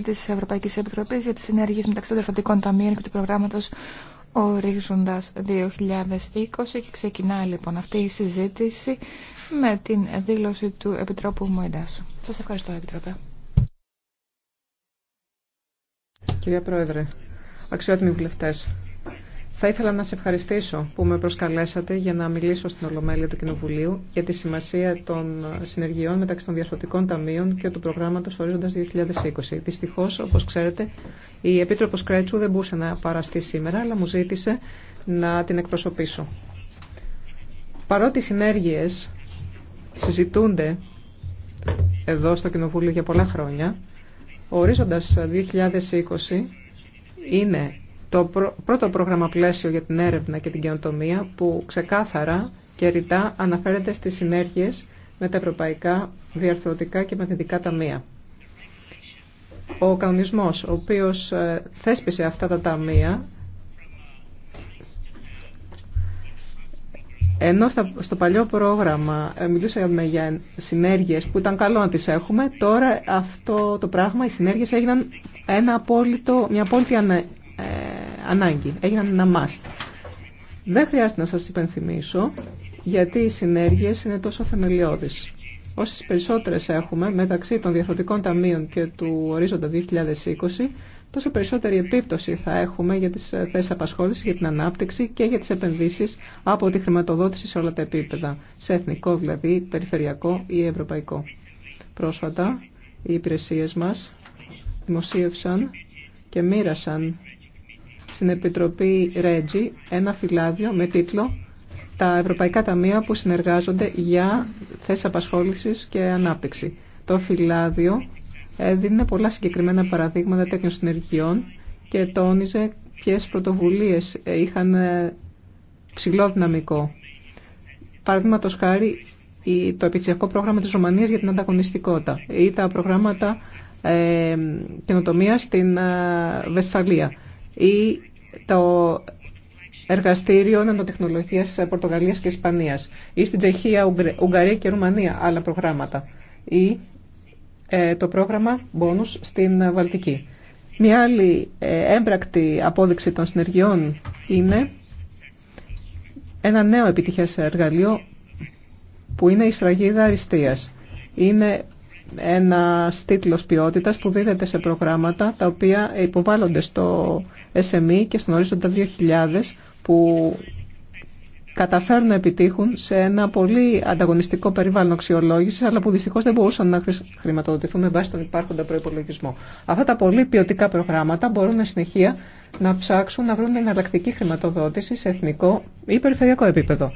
της τη Ευρωπαϊκή Επιτροπή για τι συνεργίες μεταξύ των διαφορετικών ταμείων και του προγράμματο Ορίζοντα 2020 και ξεκινάει λοιπόν αυτή η συζήτηση με την δήλωση του Επιτρόπου Μοϊντά. Σα ευχαριστώ, Επιτρόπε. Κυρία Πρόεδρε, αξιότιμοι βουλευτέ, θα ήθελα να σε ευχαριστήσω που με προσκαλέσατε για να μιλήσω στην Ολομέλεια του Κοινοβουλίου για τη σημασία των συνεργειών μεταξύ των διαφορετικών ταμείων και του προγράμματο Ορίζοντα 2020. Δυστυχώ, όπω ξέρετε, η Επίτροπο Κρέτσου δεν μπορούσε να παραστεί σήμερα, αλλά μου ζήτησε να την εκπροσωπήσω. Παρότι οι συνέργειε συζητούνται εδώ στο Κοινοβούλιο για πολλά χρόνια, ο Ορίζοντα 2020 είναι το πρώτο πρόγραμμα πλαίσιο για την έρευνα και την καινοτομία που ξεκάθαρα και ρητά αναφέρεται στις συνέργειες με τα ευρωπαϊκά διαρθρωτικά και μαθητικά ταμεία. Ο κανονισμός ο οποίος ε, θέσπισε αυτά τα ταμεία ενώ στο παλιό πρόγραμμα ε, μιλούσαμε για συνέργειες που ήταν καλό να τις έχουμε, τώρα αυτό το πράγμα, οι συνέργειες έγιναν ένα απόλυτο, μια απόλυτη ε, ανάγκη, έγιναν ένα must. Δεν χρειάζεται να σας υπενθυμίσω γιατί οι συνέργειες είναι τόσο θεμελιώδεις. Όσες περισσότερες έχουμε μεταξύ των διαφορετικών ταμείων και του ορίζοντα 2020, τόσο περισσότερη επίπτωση θα έχουμε για τις ε, θέσεις απασχόλησης, για την ανάπτυξη και για τις επενδύσεις από τη χρηματοδότηση σε όλα τα επίπεδα, σε εθνικό δηλαδή, περιφερειακό ή ευρωπαϊκό. Πρόσφατα, οι υπηρεσίες μας δημοσίευσαν και μοίρασαν στην Επιτροπή Ρέτζι ένα φυλάδιο με τίτλο «Τα Ευρωπαϊκά Ταμεία που συνεργάζονται για θέσεις απασχόλησης και ανάπτυξη». Το φυλάδιο έδινε πολλά συγκεκριμένα παραδείγματα τέτοιων συνεργειών και τόνιζε ποιες πρωτοβουλίες είχαν ε, ψηλό δυναμικό. Παραδείγματο χάρη το επιτυχιακό πρόγραμμα της Ρουμανίας για την ανταγωνιστικότητα ή τα προγράμματα ε, καινοτομία στην ε, Βεσφαλία ή το εργαστήριο νανοτεχνολογίας Πορτογαλίας και Ισπανίας ή στην Τσεχία, Ουγγαρία και Ρουμανία άλλα προγράμματα ή ε, το πρόγραμμα Bonus στην Βαλτική. Μια άλλη ε, έμπρακτη απόδειξη των συνεργειών είναι ένα νέο επιτυχές εργαλείο που είναι η σφραγίδα αριστείας. Είναι ένα τίτλος ποιότητας που δίδεται σε προγράμματα τα οποία υποβάλλονται στο SME και στον ορίζοντα 2000 που καταφέρουν να επιτύχουν σε ένα πολύ ανταγωνιστικό περιβάλλον αξιολόγηση, αλλά που δυστυχώ δεν μπορούσαν να χρηματοδοτηθούν με βάση τον υπάρχοντα προπολογισμό. Αυτά τα πολύ ποιοτικά προγράμματα μπορούν συνεχεία να ψάξουν να βρουν εναλλακτική χρηματοδότηση σε εθνικό ή περιφερειακό επίπεδο.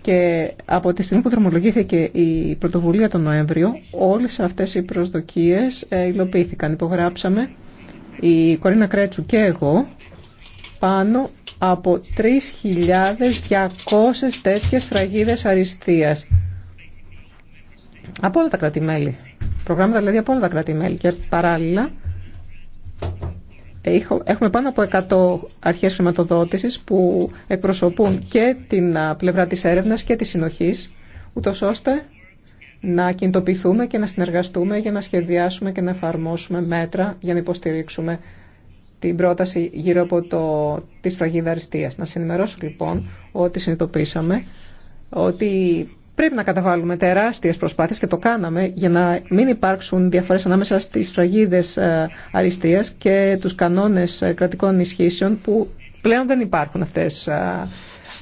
Και από τη στιγμή που δρομολογήθηκε η πρωτοβουλία τον Νοέμβριο, όλε αυτέ οι προσδοκίε ε, υλοποιήθηκαν. Υπογράψαμε η Κορίνα Κρέτσου και εγώ πάνω από 3.200 τέτοιες φραγίδες αριστείας. Από όλα τα κρατημέλη. Προγράμματα δηλαδή από όλα τα κρατημέλη. Και παράλληλα έχουμε πάνω από 100 αρχές χρηματοδότησης που εκπροσωπούν και την πλευρά της έρευνας και της συνοχής, ούτως ώστε να κινητοποιηθούμε και να συνεργαστούμε για να σχεδιάσουμε και να εφαρμόσουμε μέτρα για να υποστηρίξουμε την πρόταση γύρω από το, τη σφραγίδα αριστείας. Να συνημερώσω λοιπόν ότι συνειδητοποίησαμε ότι πρέπει να καταβάλουμε τεράστιες προσπάθειες και το κάναμε για να μην υπάρξουν διαφορές ανάμεσα στις σφραγίδες ε, αριστείας και τους κανόνες ε, κρατικών ισχύσεων που πλέον δεν υπάρχουν αυτές, ε,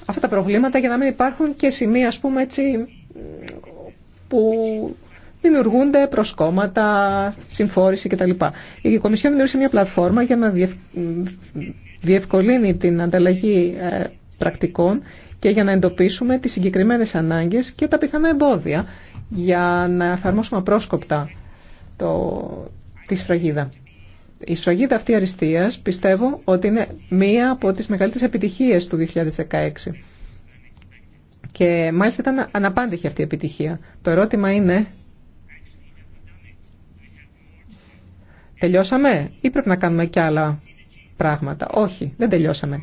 αυτά τα προβλήματα για να μην υπάρχουν και σημεία ας πούμε έτσι που δημιουργούνται κόμματα, συμφόρηση κτλ. Η Κομισιόν δημιούργησε μια πλατφόρμα για να διευκολύνει την ανταλλαγή ε, πρακτικών και για να εντοπίσουμε τις συγκεκριμένες ανάγκες και τα πιθανά εμπόδια για να εφαρμόσουμε απρόσκοπτα το, τη σφραγίδα. Η σφραγίδα αυτή αριστείας πιστεύω ότι είναι μία από τις μεγαλύτερες επιτυχίες του 2016. Και μάλιστα ήταν αναπάντηχη αυτή η επιτυχία. Το ερώτημα είναι, τελειώσαμε ή πρέπει να κάνουμε και άλλα πράγματα. Όχι, δεν τελειώσαμε.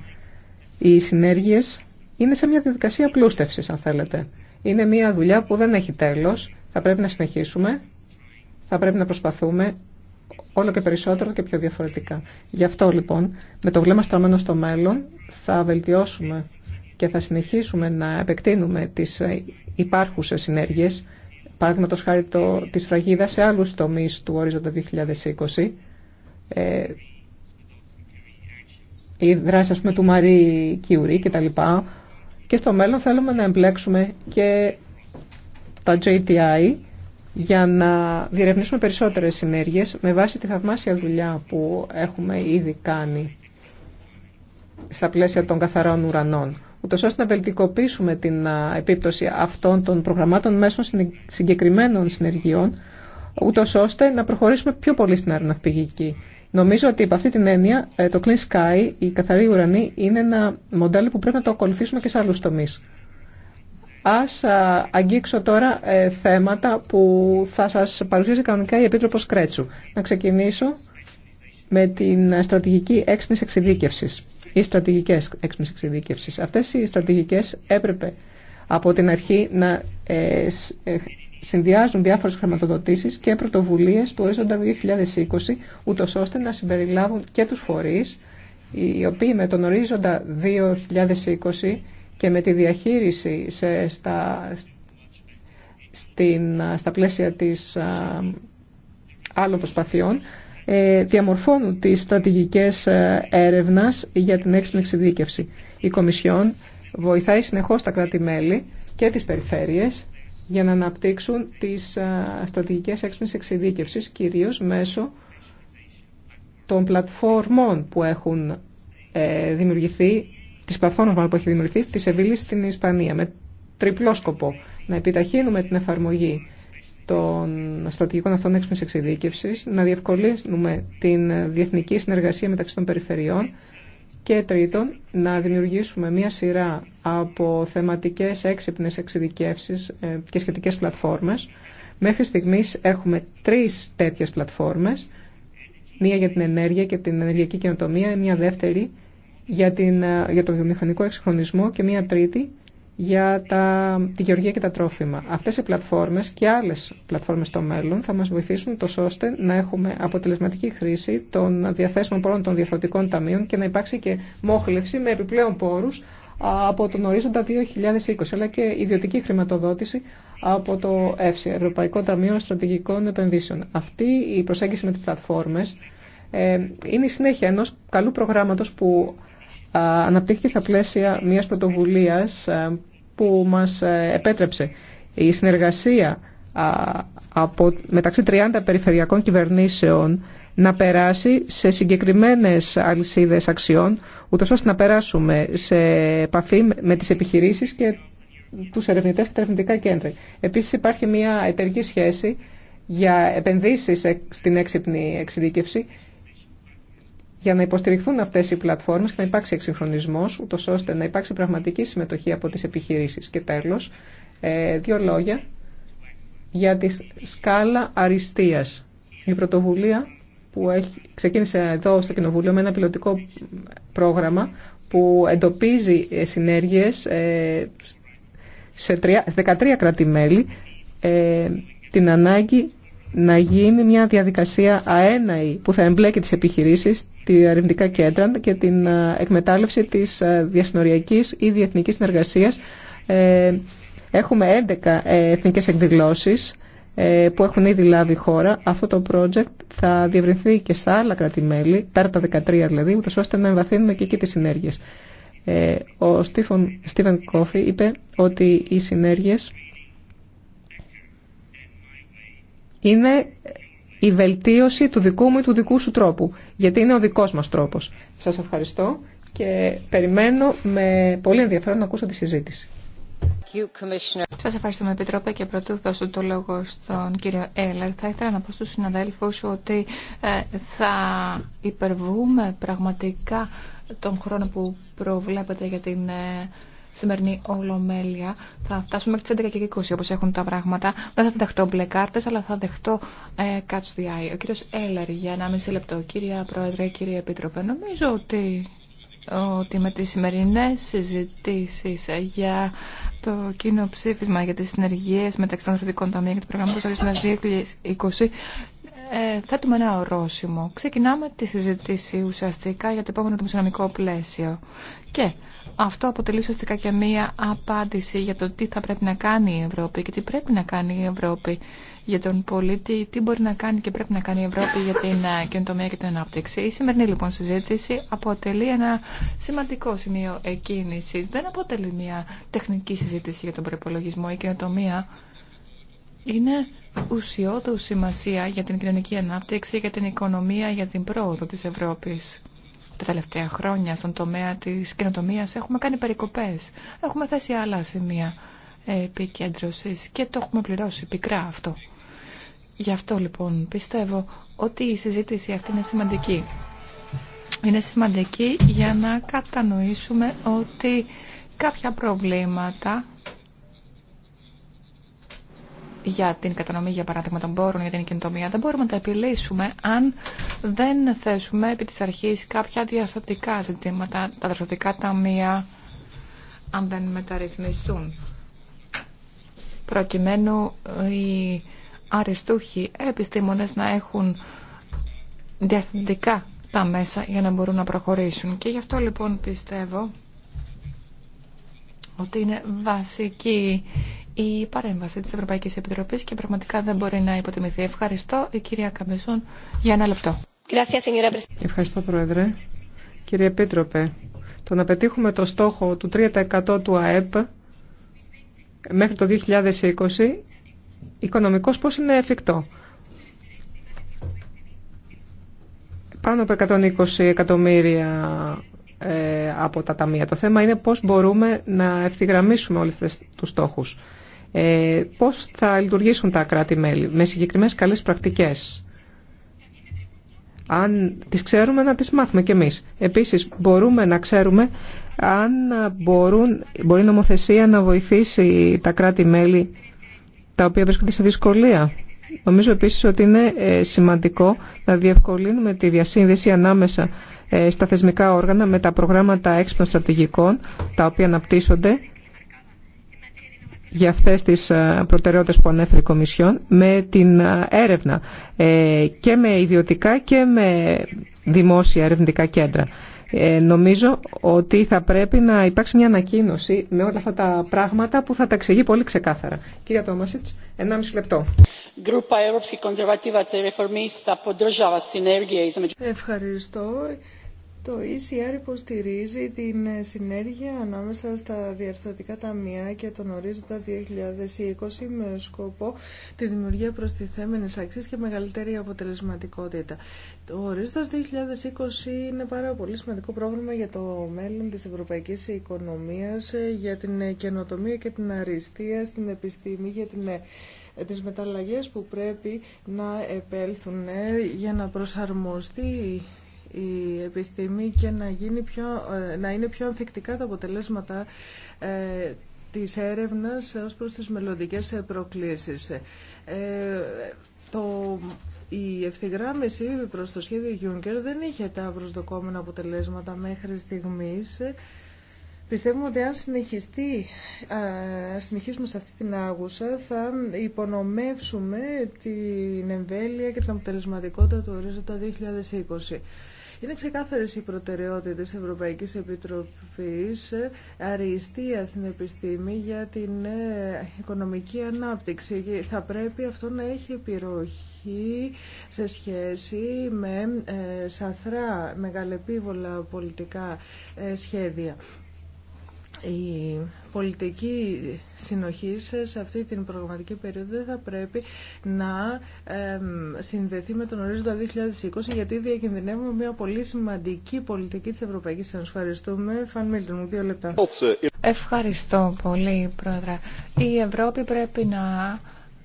Οι συνέργειες είναι σε μια διαδικασία πλούστευσης, αν θέλετε. Είναι μια δουλειά που δεν έχει τέλος. Θα πρέπει να συνεχίσουμε, θα πρέπει να προσπαθούμε όλο και περισσότερο και πιο διαφορετικά. Γι' αυτό λοιπόν, με το βλέμμα στραμμένο στο μέλλον, θα βελτιώσουμε και θα συνεχίσουμε να επεκτείνουμε τις υπάρχουσες συνέργειες, παράδειγμα χάρη το, της φραγίδα σε άλλους τομείς του ορίζοντα 2020, ε, η δράση ας πούμε, του Μαρή Κιουρί κτλ. Και, και στο μέλλον θέλουμε να εμπλέξουμε και τα JTI για να διερευνήσουμε περισσότερες συνέργειες με βάση τη θαυμάσια δουλειά που έχουμε ήδη κάνει στα πλαίσια των καθαρών ουρανών ούτως ώστε να βελτικοποιήσουμε την επίπτωση αυτών των προγραμμάτων μέσω συγκεκριμένων συνεργειών, ούτως ώστε να προχωρήσουμε πιο πολύ στην αεροναυπηγική. Νομίζω ότι από αυτή την έννοια ε, το Clean Sky, η καθαρή ουρανή, είναι ένα μοντέλο που πρέπει να το ακολουθήσουμε και σε άλλους τομείς. Ας αγγίξω τώρα ε, θέματα που θα σας παρουσίασει κανονικά η Επίτροπος Κρέτσου. Να ξεκινήσω με την στρατηγική έξυπνης εξειδίκευσης οι στρατηγικέ έξυπνη εξειδίκευση. Αυτέ οι στρατηγικέ έπρεπε από την αρχή να ε, ε, συνδυάζουν διάφορες χρηματοδοτήσεις και πρωτοβουλίε του ορίζοντα 2020, ούτως ώστε να συμπεριλάβουν και τους φορείς, οι οποίοι με τον ορίζοντα 2020 και με τη διαχείριση σε, στα, στην, στα πλαίσια της άλλων προσπαθειών ε, διαμορφώνουν τις στρατηγικές ε, έρευνας για την έξυπνη εξειδίκευση. Η Κομισιόν βοηθάει συνεχώς τα κράτη-μέλη και τις περιφέρειες για να αναπτύξουν τις ε, στρατηγικές έξυπνης εξειδίκευσης κυρίως μέσω των πλατφόρμων που έχουν δημιουργηθεί, τις πλατφόρμας που έχει δημιουργηθεί στη Σεβίλη στην Ισπανία με τριπλό σκοπό. Να επιταχύνουμε την εφαρμογή των στρατηγικών αυτών έξυπνης εξειδίκευση να διευκολύνουμε την διεθνική συνεργασία μεταξύ των περιφερειών και τρίτον, να δημιουργήσουμε μία σειρά από θεματικές έξυπνες εξειδικεύσεις ε, και σχετικές πλατφόρμες. Μέχρι στιγμής έχουμε τρεις τέτοιες πλατφόρμες, μία για την ενέργεια και την ενεργειακή καινοτομία, μία δεύτερη για, την, ε, για το βιομηχανικό εξυγχρονισμό και μία τρίτη για τα, τη γεωργία και τα τρόφιμα. Αυτές οι πλατφόρμες και άλλες πλατφόρμες στο μέλλον θα μας βοηθήσουν τόσο ώστε να έχουμε αποτελεσματική χρήση των διαθέσιμων πόρων των διαφορετικών ταμείων και να υπάρξει και μόχλευση με επιπλέον πόρους από τον ορίζοντα 2020, αλλά και ιδιωτική χρηματοδότηση από το ΕΦΣΙ, Ευρωπαϊκό Ταμείο Στρατηγικών Επενδύσεων. Αυτή η προσέγγιση με τις πλατφόρμες ε, είναι η συνέχεια ενός καλού προγράμματος που αναπτύχθηκε στα πλαίσια μιας πρωτοβουλίας που μας ε, επέτρεψε η συνεργασία από, μεταξύ 30 περιφερειακών κυβερνήσεων να περάσει σε συγκεκριμένες αλυσίδες αξιών, ούτως ώστε να περάσουμε σε επαφή με τις επιχειρήσεις και τους ερευνητές και τα ερευνητικά κέντρα. Επίσης υπάρχει μια εταιρική σχέση για επενδύσεις στην έξυπνη εξειδίκευση για να υποστηριχθούν αυτέ οι πλατφόρμες και να υπάρξει εξυγχρονισμό, ούτω ώστε να υπάρξει πραγματική συμμετοχή από τι επιχειρήσει. Και τέλο, ε, δύο λόγια για τη σκάλα αριστεία. Η πρωτοβουλία που έχει, ξεκίνησε εδώ στο Κοινοβούλιο με ένα πιλωτικό πρόγραμμα που εντοπίζει ε, συνέργειες ε, σε 13 κράτη-μέλη την ανάγκη να γίνει μια διαδικασία αέναη που θα εμπλέκει τις επιχειρήσεις, τη ερευνητικά κέντρα και την ε, εκμετάλλευση της ε, διασυνοριακής ή διεθνικής συνεργασίας. Ε, έχουμε 11 εθνικές εκδηλώσεις που έχουν ήδη λάβει η χώρα. Αυτό το project θα διευρυνθεί και στα αλλα κρατημέλη, κράτη-μέλη, πέρα τα 13 δηλαδή, ούτως ώστε να εμβαθύνουμε και εκεί τις συνέργειες. Ο Στίβεν Κόφι είπε ότι οι συνέργειες είναι η βελτίωση του δικού μου ή του δικού σου τρόπου. Γιατί είναι ο δικός μας τρόπος. Σας ευχαριστώ και περιμένω με πολύ ενδιαφέρον να ακούσω τη συζήτηση. Σας ευχαριστούμε Επιτρόπε και πρωτού δώσω το λόγο στον κύριο Έλλερ. Θα ήθελα να πω στους συναδέλφους ότι ε, θα υπερβούμε πραγματικά τον χρόνο που προβλέπετε για την ε, σημερινή ολομέλεια. Θα φτάσουμε μέχρι και 11.20 όπω έχουν τα πράγματα. Δεν θα δεχτώ μπλε κάρτε, αλλά θα δεχτώ ε, catch the eye. Ο κύριο Έλερ για ένα μισή λεπτό. Κυρία Πρόεδρε, κύριε Επίτροπε, νομίζω ότι ότι με τις σημερινές συζητήσει για το κοινό ψήφισμα για τις συνεργίες μεταξύ των θετικών ταμείων και του προγράμματος ορίζοντας 2020 ε, θέτουμε ένα ορόσημο. Ξεκινάμε τη συζήτηση ουσιαστικά για το επόμενο δημοσιονομικό πλαίσιο. Και αυτό αποτελεί ουσιαστικά και μία απάντηση για το τι θα πρέπει να κάνει η Ευρώπη και τι πρέπει να κάνει η Ευρώπη για τον πολίτη, τι μπορεί να κάνει και πρέπει να κάνει η Ευρώπη για την ε, καινοτομία και την ανάπτυξη. Η σημερινή λοιπόν συζήτηση αποτελεί ένα σημαντικό σημείο εκκίνηση. Δεν αποτελεί μία τεχνική συζήτηση για τον προπολογισμό. Η καινοτομία είναι ουσιώδου σημασία για την κοινωνική ανάπτυξη, για την οικονομία, για την πρόοδο της Ευρώπη τα τελευταία χρόνια στον τομέα της κοινοτομίας έχουμε κάνει περικοπές. Έχουμε θέσει άλλα σημεία επικέντρωσης και το έχουμε πληρώσει πικρά αυτό. Γι' αυτό λοιπόν πιστεύω ότι η συζήτηση αυτή είναι σημαντική. Είναι σημαντική για να κατανοήσουμε ότι κάποια προβλήματα για την κατανομή, για παράδειγμα, των πόρων για την καινοτομία, δεν μπορούμε να τα επιλύσουμε αν δεν θέσουμε επί της αρχής κάποια διαστατικά ζητήματα, τα διαστατικά ταμεία, αν δεν μεταρρυθμιστούν. Προκειμένου οι αριστούχοι επιστήμονες να έχουν διαστατικά τα μέσα για να μπορούν να προχωρήσουν. Και γι' αυτό λοιπόν πιστεύω ότι είναι βασική η παρέμβαση της Ευρωπαϊκής Επιτροπής και πραγματικά δεν μπορεί να υποτιμηθεί. Ευχαριστώ η κυρία Καμπεσόν για ένα λεπτό. Ευχαριστώ Πρόεδρε. Κύριε Επίτροπε, το να πετύχουμε το στόχο του 3% του ΑΕΠ μέχρι το 2020 οικονομικός πώς είναι εφικτό. Πάνω από 120 εκατομμύρια ε, από τα ταμεία. Το θέμα είναι πώς μπορούμε να ευθυγραμμίσουμε όλους τους στόχους ε, πώς θα λειτουργήσουν τα κράτη-μέλη με συγκεκριμένες καλές πρακτικές. Αν τις ξέρουμε να τις μάθουμε κι εμείς. Επίσης μπορούμε να ξέρουμε αν μπορούν, μπορεί η νομοθεσία να βοηθήσει τα κράτη-μέλη τα οποία βρίσκονται σε δυσκολία. Νομίζω επίσης ότι είναι ε, σημαντικό να διευκολύνουμε τη διασύνδεση ανάμεσα ε, στα θεσμικά όργανα με τα προγράμματα έξυπνων στρατηγικών τα οποία αναπτύσσονται για αυτές τις ε, προτεραιότητες που ανέφερε η Κομισιόν με την ε, έρευνα ε, και με ιδιωτικά και με δημόσια ερευνητικά κέντρα. νομίζω ότι θα πρέπει να υπάρξει μια ανακοίνωση με όλα αυτά τα πράγματα που θα τα εξηγεί πολύ ξεκάθαρα. Κύριε Τόμασιτς, 1,5 λεπτό. Ευχαριστώ. Το ECR υποστηρίζει την συνέργεια ανάμεσα στα διαρθρωτικά ταμεία και τον ορίζοντα 2020 με σκοπό τη δημιουργία προστιθέμενης αξίας και μεγαλύτερη αποτελεσματικότητα. Ο ορίζοντας 2020 είναι πάρα πολύ σημαντικό πρόγραμμα για το μέλλον της ευρωπαϊκής οικονομίας, για την καινοτομία και την αριστεία στην επιστήμη, για την ε, τις μεταλλαγές που πρέπει να επέλθουν ε, για να προσαρμοστεί η επιστήμη και να, γίνει πιο, ε, να είναι πιο ανθεκτικά τα αποτελέσματα ε, της έρευνας ως προς τις μελλοντικές ε, προκλήσεις. Ε, το, η ευθυγράμμιση προς το σχέδιο Juncker δεν είχε τα προσδοκόμενα αποτελέσματα μέχρι στιγμής. Πιστεύουμε ότι αν συνεχιστεί, α, συνεχίσουμε σε αυτή την άγουσα θα υπονομεύσουμε την εμβέλεια και την αποτελεσματικότητα του ορίζοντα 2020. Είναι ξεκάθαρες οι προτεραιότητες της Ευρωπαϊκής Επιτροπής ε, αριστεία στην επιστήμη για την ε, οικονομική ανάπτυξη. Θα πρέπει αυτό να έχει επιρροχή σε σχέση με ε, σαθρά μεγαλεπίβολα πολιτικά σχέδια η πολιτική συνοχή σε αυτή την προγραμματική περίοδο δεν θα πρέπει να συνδεθεί με τον ορίζοντα 2020 γιατί διακινδυνεύουμε μια πολύ σημαντική πολιτική της Ευρωπαϊκής Ένωσης. Ευχαριστούμε. Φαν Μίλτον, δύο λεπτά. Ευχαριστώ πολύ, Πρόεδρε. Η Ευρώπη πρέπει να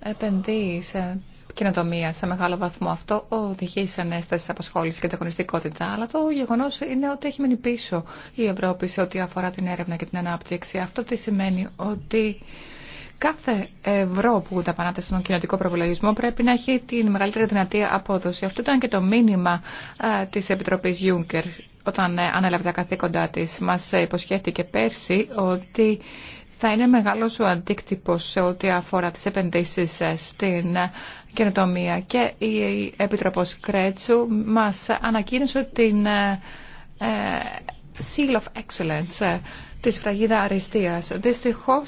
επενδύει σε κοινοτομία σε μεγάλο βαθμό. Αυτό οδηγεί σε ανέσταση, απασχόληση και ανταγωνιστικότητα. Αλλά το γεγονό είναι ότι έχει μείνει πίσω η Ευρώπη σε ό,τι αφορά την έρευνα και την ανάπτυξη. Αυτό τι σημαίνει ότι κάθε ευρώ που ταπανάτε στον κοινοτικό προβολογισμό πρέπει να έχει την μεγαλύτερη δυνατή απόδοση. Αυτό ήταν και το μήνυμα τη Επιτροπή Juncker όταν ε, ανέλαβε τα καθήκοντά τη. Μα υποσχέθηκε πέρσι ότι θα είναι μεγάλο ο αντίκτυπος σε ό,τι αφορά τι επενδύσει ε, στην καινοτομία. Και η Επίτροπος Κρέτσου μας ανακοίνωσε την ε, ε, Seal of Excellence τη φραγίδα αριστείας. Δυστυχώ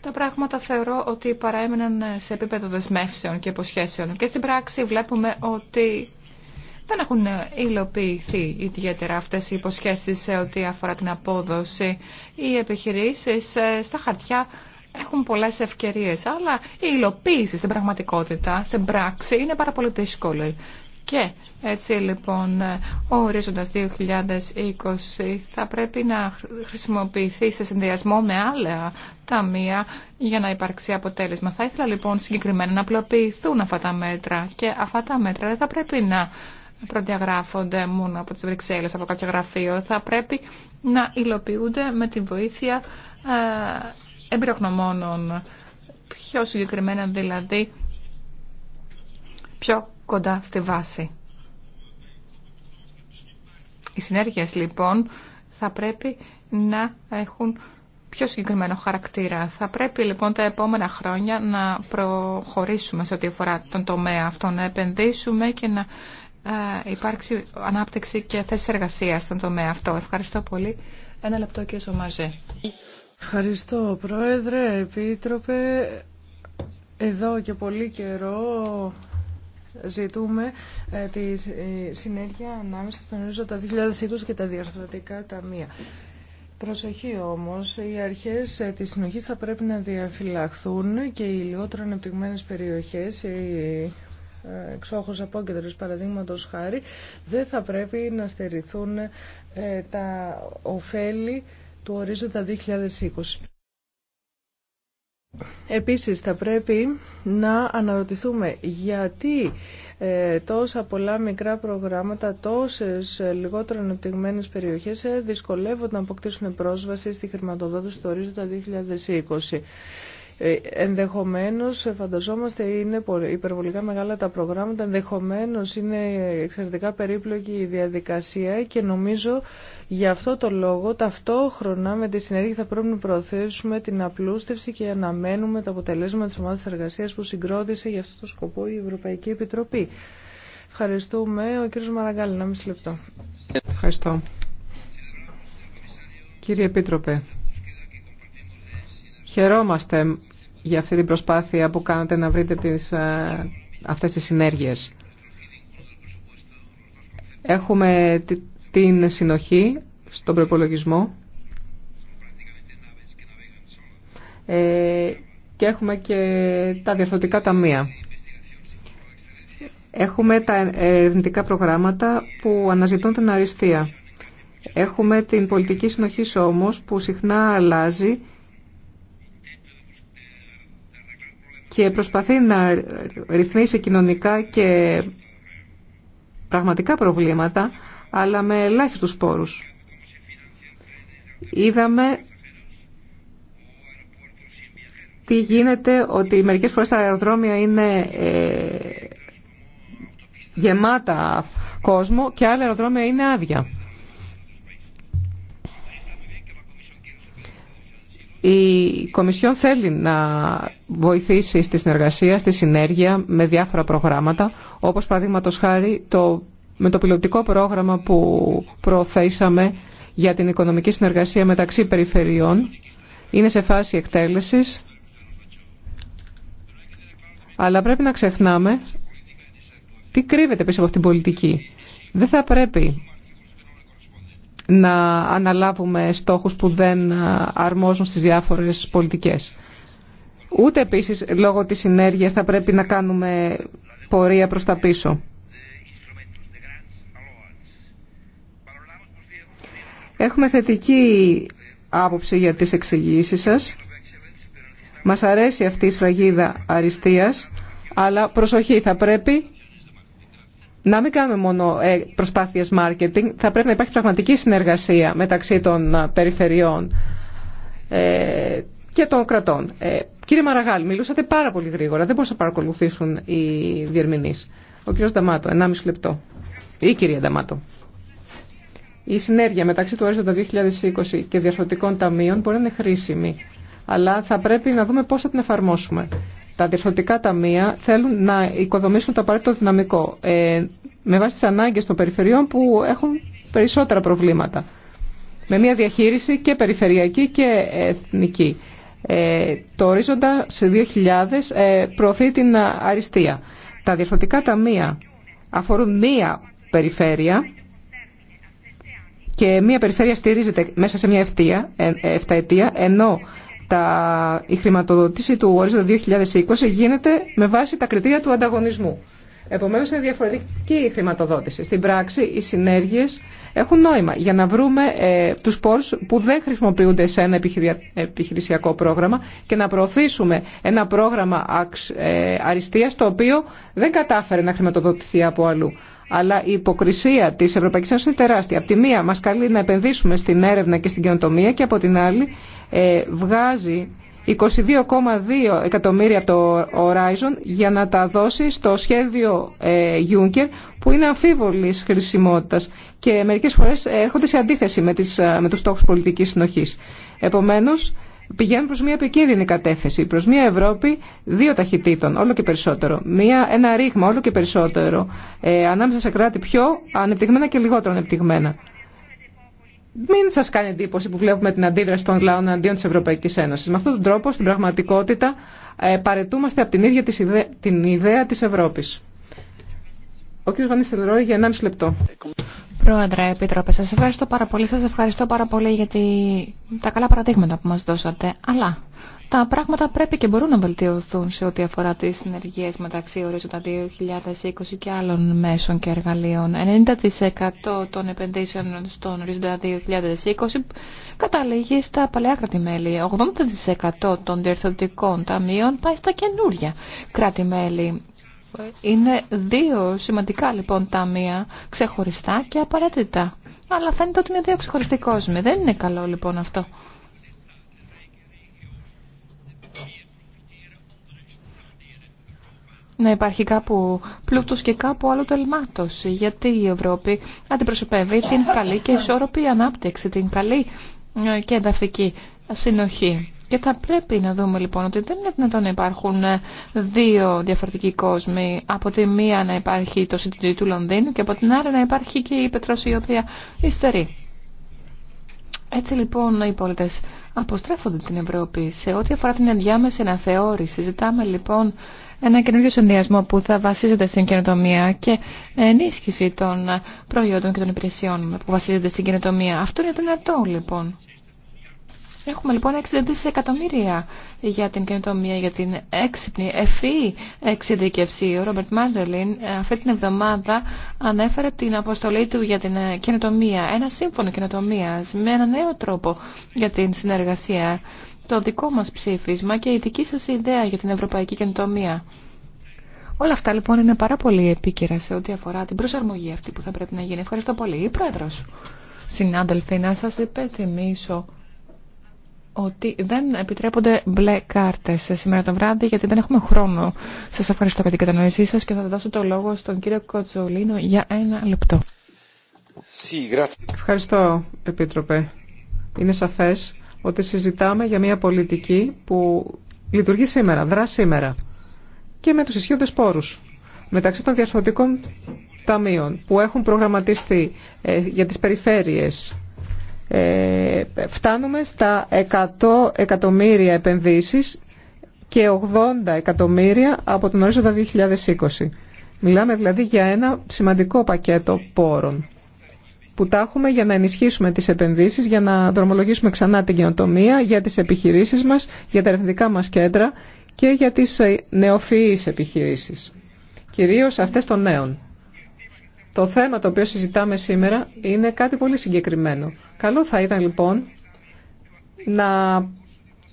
τα πράγματα θεωρώ ότι παραέμειναν σε επίπεδο δεσμεύσεων και υποσχέσεων. Και στην πράξη βλέπουμε ότι δεν έχουν υλοποιηθεί ιδιαίτερα αυτές οι υποσχέσεις σε ό,τι αφορά την απόδοση. Οι επιχειρήσεις ε, στα χαρτιά έχουν πολλές ευκαιρίες, αλλά η υλοποίηση στην πραγματικότητα, στην πράξη, είναι πάρα πολύ δύσκολη. Και έτσι λοιπόν ο ορίζοντας 2020 θα πρέπει να χρησιμοποιηθεί σε συνδυασμό με άλλα ταμεία για να υπάρξει αποτέλεσμα. Θα ήθελα λοιπόν συγκεκριμένα να απλοποιηθούν αυτά τα μέτρα και αυτά τα μέτρα δεν θα πρέπει να προδιαγράφονται μόνο από τις Βρυξέλλες, από κάποιο γραφείο. Θα πρέπει να υλοποιούνται με τη βοήθεια ε, εμπειρογνωμόνων. Πιο συγκεκριμένα δηλαδή, πιο κοντά στη βάση. Οι συνέργειες λοιπόν θα πρέπει να έχουν πιο συγκεκριμένο χαρακτήρα. Θα πρέπει λοιπόν τα επόμενα χρόνια να προχωρήσουμε σε ό,τι αφορά τον τομέα αυτό, να επενδύσουμε και να υπάρξει ανάπτυξη και θέση εργασία στον τομέα αυτό. Ευχαριστώ πολύ. Ένα λεπτό και σομαζέ. Ευχαριστώ Πρόεδρε, Επίτροπε. Εδώ και πολύ καιρό ζητούμε ε, τη ε, συνέργεια ανάμεσα στον τα 2020 και τα διαρθρωτικά ταμεία. Προσοχή όμως, οι αρχές ε, της συνοχής θα πρέπει να διαφυλαχθούν και οι λιγότερο ανεπτυγμένες περιοχές, οι εξόχως απόκεντρες παραδείγματος χάρη, δεν θα πρέπει να στερηθούν ε, τα ωφέλη του ορίζοντα 2020. Επίσης θα πρέπει να αναρωτηθούμε γιατί ε, τόσα πολλά μικρά προγράμματα, τόσες ε, λιγότερο ανεπτυγμένες περιοχές δυσκολεύονται να αποκτήσουν πρόσβαση στη χρηματοδότηση του ορίζοντα 2020. Ε, ενδεχομένως ε, φανταζόμαστε είναι υπερβολικά μεγάλα τα προγράμματα, ενδεχομένως είναι εξαιρετικά περίπλοκη η διαδικασία και νομίζω για αυτό το λόγο ταυτόχρονα με τη συνέργεια θα πρέπει να προωθήσουμε την απλούστευση και αναμένουμε τα αποτελέσματα της ομάδας εργασίας που συγκρότησε για αυτό το σκοπό η Ευρωπαϊκή Επιτροπή. Ευχαριστούμε. Ο κύριος Μαραγκάλη, ένα μισή λεπτό. Ευχαριστώ. Κύριε Επίτροπε, Χαιρόμαστε για αυτή την προσπάθεια που κάνετε να βρείτε τις, ε, αυτές τις συνέργειες. Έχουμε την συνοχή στον προπολογισμό ε, και έχουμε και τα διαφορετικά ταμεία. Έχουμε τα ερευνητικά προγράμματα που αναζητούν την αριστεία. Έχουμε την πολιτική συνοχή όμως που συχνά αλλάζει και προσπαθεί να ρυθμίσει κοινωνικά και πραγματικά προβλήματα, αλλά με ελάχιστους πόρους. Είδαμε τι γίνεται, ότι μερικές φορές τα αεροδρόμια είναι ε, γεμάτα κόσμο και άλλα αεροδρόμια είναι άδεια. Η Κομισιόν θέλει να βοηθήσει στη συνεργασία, στη συνέργεια με διάφορα προγράμματα, όπως παραδείγματο χάρη το, με το πιλωτικό πρόγραμμα που προωθήσαμε για την οικονομική συνεργασία μεταξύ περιφερειών. Είναι σε φάση εκτέλεσης, αλλά πρέπει να ξεχνάμε τι κρύβεται πίσω από αυτήν την πολιτική. Δεν θα πρέπει να αναλάβουμε στόχους που δεν αρμόζουν στις διάφορες πολιτικές. Ούτε επίσης λόγω της συνέργειας θα πρέπει να κάνουμε πορεία προς τα πίσω. Έχουμε θετική άποψη για τις εξηγήσεις σας. Μας αρέσει αυτή η σφραγίδα αριστείας, αλλά προσοχή, θα πρέπει να μην κάνουμε μόνο ε, προσπάθειες marketing, θα πρέπει να υπάρχει πραγματική συνεργασία μεταξύ των ε, περιφερειών ε, και των κρατών. Κύριε Μαραγάλη, μιλούσατε πάρα πολύ γρήγορα, δεν μπορούσα να παρακολουθήσουν οι διερμηνείς. Ο κύριος Νταμάτο, 1,5 λεπτό. Ή κυρία Νταμάτο. Η συνέργεια μεταξύ του ορίζοντα 2020 και διαφορετικών ταμείων μπορεί να είναι χρήσιμη, αλλά θα πρέπει να δούμε πώς θα την εφαρμόσουμε τα διευθυντικά ταμεία θέλουν να οικοδομήσουν το απαραίτητο δυναμικό ε, με βάση τις ανάγκες των περιφερειών που έχουν περισσότερα προβλήματα. Με μια διαχείριση και περιφερειακή και εθνική. Ε, το ορίζοντα σε 2000 ε, προωθεί την αριστεία. Τα διευθυντικά ταμεία αφορούν μία περιφέρεια και μία περιφέρεια στηρίζεται μέσα σε μία ε, εφταετία, ενώ τα, η χρηματοδότηση του ορίζοντα 2020 γίνεται με βάση τα κριτήρια του ανταγωνισμού. Επομένω, είναι διαφορετική η χρηματοδότηση. Στην πράξη, οι συνέργειε έχουν νόημα για να βρούμε ε, του πόρου που δεν χρησιμοποιούνται σε ένα επιχειρησιακό πρόγραμμα και να προωθήσουμε ένα πρόγραμμα αξ, ε, αριστείας το οποίο δεν κατάφερε να χρηματοδοτηθεί από αλλού. Αλλά η υποκρισία τη Ευρωπαϊκή Ένωση είναι τεράστια. Από τη μία, μα καλεί να επενδύσουμε στην έρευνα και στην καινοτομία και από την άλλη, ε, βγάζει 22,2 εκατομμύρια από το Horizon για να τα δώσει στο σχέδιο ε, Juncker που είναι αμφίβολης χρησιμότητας και μερικές φορές έρχονται σε αντίθεση με, τις, ε, με τους στόχους πολιτικής συνοχής. Επομένως, πηγαίνουν προς μια επικίνδυνη κατεύθυνση, προς μια Ευρώπη δύο ταχυτήτων, όλο και περισσότερο. Μια, ένα ρήγμα όλο και περισσότερο, ανάμεσα σε κράτη πιο ανεπτυγμένα και λιγότερο ανεπτυγμένα μην σα κάνει εντύπωση που βλέπουμε την αντίδραση των λαών αντίον τη Ευρωπαϊκής Ένωση. Με αυτόν τον τρόπο, στην πραγματικότητα, ε, παρετούμαστε από την ίδια της την ιδέα τη Ευρώπη. Ο κ. Λερόι για 1,5 λεπτό. Πρόεδρε, Επίτροπε, σα ευχαριστώ πάρα πολύ. Σα ευχαριστώ πάρα πολύ για τα καλά παραδείγματα που μα δώσατε. Αλλά τα πράγματα πρέπει και μπορούν να βελτιωθούν σε ό,τι αφορά τις συνεργίες μεταξύ ορίζοντα 2020 και άλλων μέσων και εργαλείων. 90% των επενδύσεων στον ορίζοντα 2020 καταλήγει στα παλαιά κράτη-μέλη. 80% των διερθωτικών ταμείων πάει στα καινούρια κράτη-μέλη. Είναι δύο σημαντικά λοιπόν ταμεία ξεχωριστά και απαραίτητα. Αλλά φαίνεται ότι είναι δύο ξεχωριστοί κόσμοι. Δεν είναι καλό λοιπόν αυτό. να υπάρχει κάπου πλούτο και κάπου άλλο τελμάτο, Γιατί η Ευρώπη αντιπροσωπεύει την καλή και ισορροπή ανάπτυξη, την καλή ε, και ενταφική συνοχή. Και θα πρέπει να δούμε λοιπόν ότι δεν είναι δυνατόν να υπάρχουν ε, δύο διαφορετικοί κόσμοι. Από τη μία να υπάρχει το συντηρητή του Λονδίνου και από την άλλη να υπάρχει και η πετρόση η οποία υστερεί. Έτσι λοιπόν οι πολίτες αποστρέφονται την Ευρώπη. Σε ό,τι αφορά την ενδιάμεση αναθεώρηση, ζητάμε λοιπόν ένα καινούριο συνδυασμό που θα βασίζεται στην καινοτομία και ενίσχυση των προϊόντων και των υπηρεσιών που βασίζονται στην καινοτομία. Αυτό είναι δυνατό λοιπόν. Έχουμε λοιπόν 60 δισεκατομμύρια για την καινοτομία, για την έξυπνη, ευφύ εξειδικευσή. Ο Ρόμπερτ Μάντελιν ε, αυτή την εβδομάδα ανέφερε την αποστολή του για την ε, καινοτομία, ένα σύμφωνο καινοτομία με ένα νέο τρόπο για την συνεργασία. Το δικό μας ψήφισμα και η δική σας ιδέα για την ευρωπαϊκή καινοτομία. Όλα αυτά λοιπόν είναι πάρα πολύ επίκαιρα σε ό,τι αφορά την προσαρμογή αυτή που θα πρέπει να γίνει. Ευχαριστώ πολύ. Πρόεδρος, συνάδελφοι, να σας υπενθυμίσω ότι δεν επιτρέπονται μπλε κάρτε σήμερα το βράδυ, γιατί δεν έχουμε χρόνο. Σα ευχαριστώ για την κατανόησή σα και θα δώσω το λόγο στον κύριο Κοτζολίνο για ένα λεπτό. Ευχαριστώ, Επίτροπε. Είναι σαφέ ότι συζητάμε για μια πολιτική που λειτουργεί σήμερα, δρά σήμερα και με του ισχύοντε πόρου. Μεταξύ των διαρθρωτικών ταμείων που έχουν προγραμματιστεί ε, για τις περιφέρειες ε, φτάνουμε στα 100 εκατομμύρια επενδύσεις και 80 εκατομμύρια από τον ορίζοντα 2020. Μιλάμε δηλαδή για ένα σημαντικό πακέτο πόρων που τα έχουμε για να ενισχύσουμε τις επενδύσεις, για να δρομολογήσουμε ξανά την καινοτομία, για τις επιχειρήσεις μας, για τα ερευνητικά μας κέντρα και για τις ε, νεοφυείς επιχειρήσεις, κυρίως αυτές των νέων. Το θέμα το οποίο συζητάμε σήμερα είναι κάτι πολύ συγκεκριμένο. Καλό θα ήταν λοιπόν να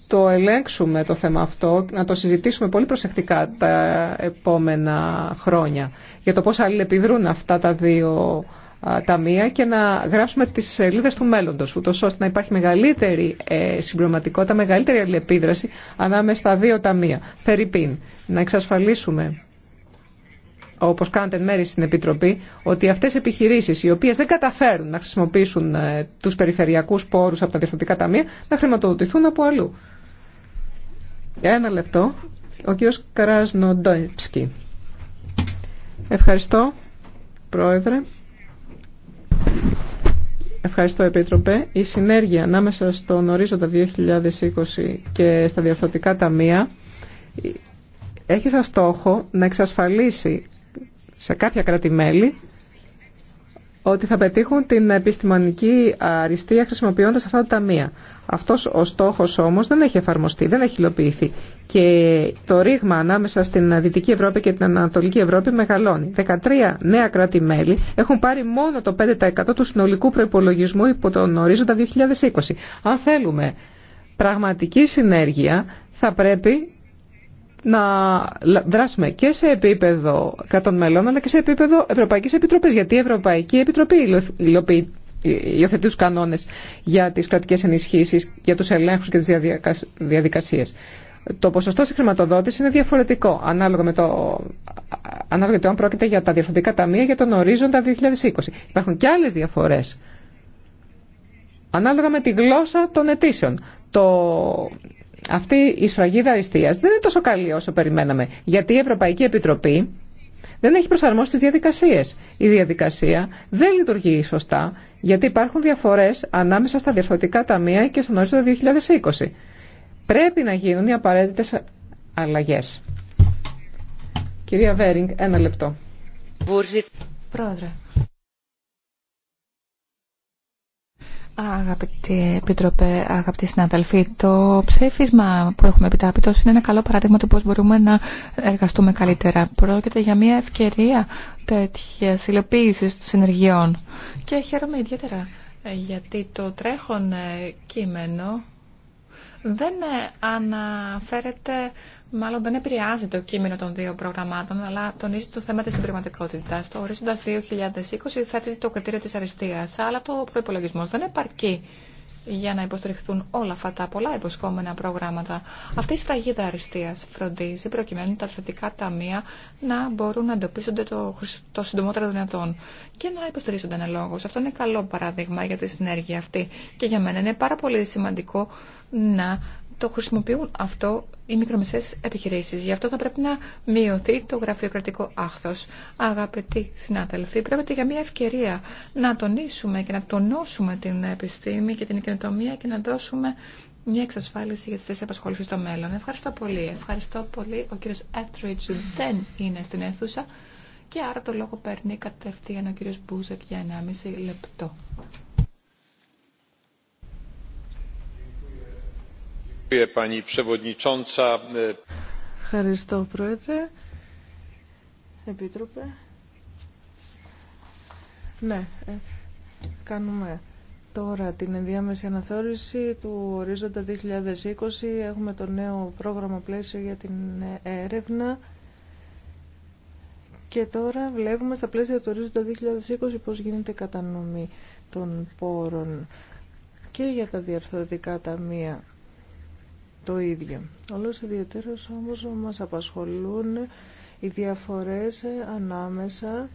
το ελέγξουμε το θέμα αυτό, να το συζητήσουμε πολύ προσεκτικά τα επόμενα χρόνια για το πώς αλληλεπιδρούν αυτά τα δύο ταμεία και να γράψουμε τις σελίδε του μέλλοντος, ούτως ώστε να υπάρχει μεγαλύτερη ε, συμπληρωματικότητα, μεγαλύτερη αλληλεπίδραση ανάμεσα στα δύο ταμεία. Φερρυπίν, να εξασφαλίσουμε όπως κάνετε μέρη στην Επιτροπή, ότι αυτές οι επιχειρήσεις οι οποίες δεν καταφέρουν να χρησιμοποιήσουν ε, τους περιφερειακούς πόρους από τα διευθυντικά ταμεία, να χρηματοδοτηθούν από αλλού. Ένα λεπτό. Ο κ. Καράσνοντοψκι. Ευχαριστώ, Πρόεδρε. Ευχαριστώ, Επίτροπε. Η συνέργεια ανάμεσα στον ορίζοντα 2020 και στα διαφορετικά ταμεία έχει σαν στόχο να εξασφαλίσει σε κάποια κράτη-μέλη ότι θα πετύχουν την επιστημονική αριστεία χρησιμοποιώντας αυτά τα ταμεία. Αυτός ο στόχος όμως δεν έχει εφαρμοστεί, δεν έχει υλοποιηθεί. Και το ρήγμα ανάμεσα στην Δυτική Ευρώπη και την Ανατολική Ευρώπη μεγαλώνει. 13 νέα κράτη-μέλη έχουν πάρει μόνο το 5% του συνολικού προϋπολογισμού υπό τον ορίζοντα 2020. Αν θέλουμε πραγματική συνέργεια θα πρέπει να δράσουμε και σε επίπεδο κρατών μελών αλλά και σε επίπεδο Ευρωπαϊκής Επιτροπής γιατί η Ευρωπαϊκή Επιτροπή υλοποιεί υιοθετεί του κανόνε για τι κρατικέ ενισχύσει, για του ελέγχου και τι διαδικασίε. Το ποσοστό στη χρηματοδότηση είναι διαφορετικό ανάλογα με το, ανάλογα το αν πρόκειται για τα διαφορετικά ταμεία για τον ορίζοντα 2020. Υπάρχουν και άλλε διαφορέ. Ανάλογα με τη γλώσσα των αιτήσεων. Το αυτή η σφραγίδα αριστεία δεν είναι τόσο καλή όσο περιμέναμε, γιατί η Ευρωπαϊκή Επιτροπή δεν έχει προσαρμόσει τι διαδικασίες. Η διαδικασία δεν λειτουργεί σωστά, γιατί υπάρχουν διαφορές ανάμεσα στα διαφορετικά ταμεία και στον ορίζοντα 2020. Πρέπει να γίνουν οι απαραίτητες αλλαγές. Κυρία Βέρινγκ, ένα λεπτό. Πρόεδρε, Αγαπητοί Επιτροπέ, αγαπητοί συναδελφοί, το ψήφισμα που έχουμε επιτάπητος είναι ένα καλό παράδειγμα του πώς μπορούμε να εργαστούμε καλύτερα. Πρόκειται για μια ευκαιρία τέτοια υλοποίηση των συνεργειών. Και χαίρομαι ιδιαίτερα γιατί το τρέχον κείμενο δεν αναφέρεται μάλλον δεν επηρεάζει το κείμενο των δύο προγραμμάτων, αλλά τονίζει το θέμα της συμπληρωματικότητα, Το ορίζοντα 2020 θέτει το κριτήριο τη αριστείας, αλλά το προπολογισμό δεν επαρκεί για να υποστηριχθούν όλα αυτά τα πολλά υποσχόμενα προγράμματα. Αυτή η σφραγίδα αριστείας φροντίζει προκειμένου τα θετικά ταμεία να μπορούν να εντοπίζονται το, το συντομότερο δυνατόν και να υποστηρίζονται λόγο. Αυτό είναι καλό παράδειγμα για τη συνέργεια αυτή και για μένα είναι πάρα πολύ σημαντικό να το χρησιμοποιούν αυτό οι μικρομεσαίες επιχειρήσεις. Γι' αυτό θα πρέπει να μειωθεί το γραφειοκρατικό άχθος. Αγαπητοί συνάδελφοι, πρόκειται για μια ευκαιρία να τονίσουμε και να τονώσουμε την επιστήμη και την καινοτομία και να δώσουμε μια εξασφάλιση για τις θέσεις απασχόλησης στο μέλλον. Ευχαριστώ πολύ. Ευχαριστώ πολύ. Ο κύριος Έθριτς δεν είναι στην αίθουσα και άρα το λόγο παίρνει κατευθείαν ο κύριος Μπούζεκ για 1,5 λεπτό. Ευχαριστώ, Πρόεδρε. Επίτροπε. Ναι, ε, κάνουμε τώρα την ενδιάμεση αναθεώρηση του ορίζοντα 2020. Έχουμε το νέο πρόγραμμα πλαίσιο για την ε, έρευνα. Και τώρα βλέπουμε στα πλαίσια του ορίζοντα 2020 πώς γίνεται η κατανομή των πόρων και για τα διαρθρωτικά ταμεία το ίδιο. Όλος ιδιαίτερος όμως μας απασχολούν οι διαφορές ανάμεσα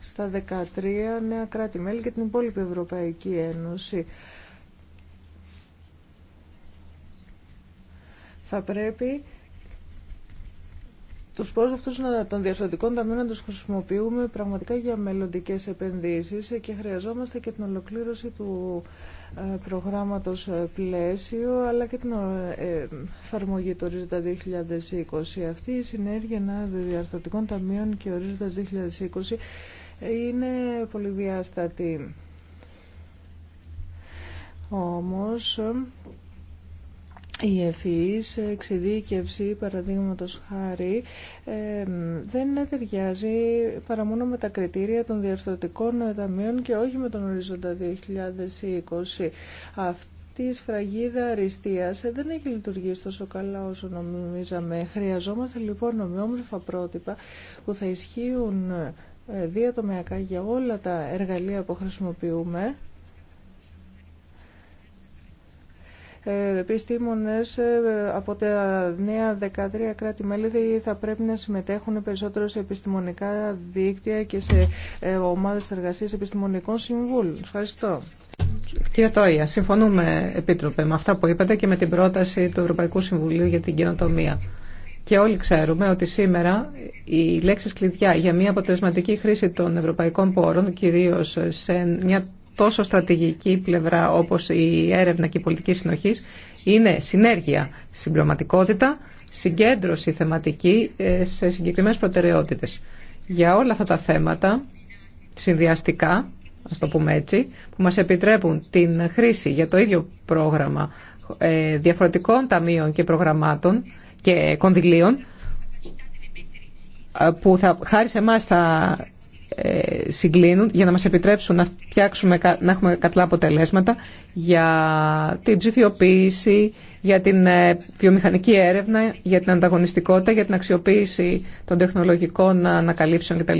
στα 13 νέα κράτη-μέλη και την υπόλοιπη Ευρωπαϊκή Ένωση. Θα πρέπει τους πόρου αυτού των διαστατικών ταμείων να τους χρησιμοποιούμε πραγματικά για μελλοντικέ επενδύσεις και χρειαζόμαστε και την ολοκλήρωση του ε, προγράμματος ε, πλαίσιο αλλά και την ε, εφαρμογή του ορίζοντα 2020. Αυτή η συνέργεια διαρθρωτικών ταμείων και ορίζοντα 2020 είναι πολυδιάστατη. Όμως η ευφυής εξειδίκευση, παραδείγματο χάρη, ε, δεν ταιριάζει παρά μόνο με τα κριτήρια των διαρθρωτικών δαμείων και όχι με τον ορίζοντα 2020. Αυτή η σφραγίδα αριστείας δεν έχει λειτουργήσει τόσο καλά όσο νομίζαμε. Χρειαζόμαστε λοιπόν ομοιόμορφα πρότυπα που θα ισχύουν ε, διατομιακά για όλα τα εργαλεία που χρησιμοποιούμε Ε, επιστήμονες ε, από τα νέα 13 κράτη-μέλη θα πρέπει να συμμετέχουν περισσότερο σε επιστημονικά δίκτυα και σε ε, ομάδες εργασίας επιστημονικών συμβούλων. Ευχαριστώ. Κύριε Τόια, συμφωνούμε, Επίτροπε, με αυτά που είπατε και με την πρόταση του Ευρωπαϊκού Συμβουλίου για την Καινοτομία. Και όλοι ξέρουμε ότι σήμερα οι λέξεις κλειδιά για μια αποτελεσματική χρήση των ευρωπαϊκών πόρων, κυρίως σε μια τόσο στρατηγική πλευρά όπως η έρευνα και η πολιτική συνοχής είναι συνέργεια, συμπληρωματικότητα, συγκέντρωση θεματική ε, σε συγκεκριμένες προτεραιότητες. Για όλα αυτά τα θέματα, συνδυαστικά, ας το πούμε έτσι, που μας επιτρέπουν την χρήση για το ίδιο πρόγραμμα ε, διαφορετικών ταμείων και προγραμμάτων και κονδυλίων, ε, που θα, χάρη σε εμάς θα συγκλίνουν για να μας επιτρέψουν να, φτιάξουμε, να έχουμε κατλά αποτελέσματα για την ψηφιοποίηση, για την ε, βιομηχανική έρευνα, για την ανταγωνιστικότητα, για την αξιοποίηση των τεχνολογικών ανακαλύψεων κτλ.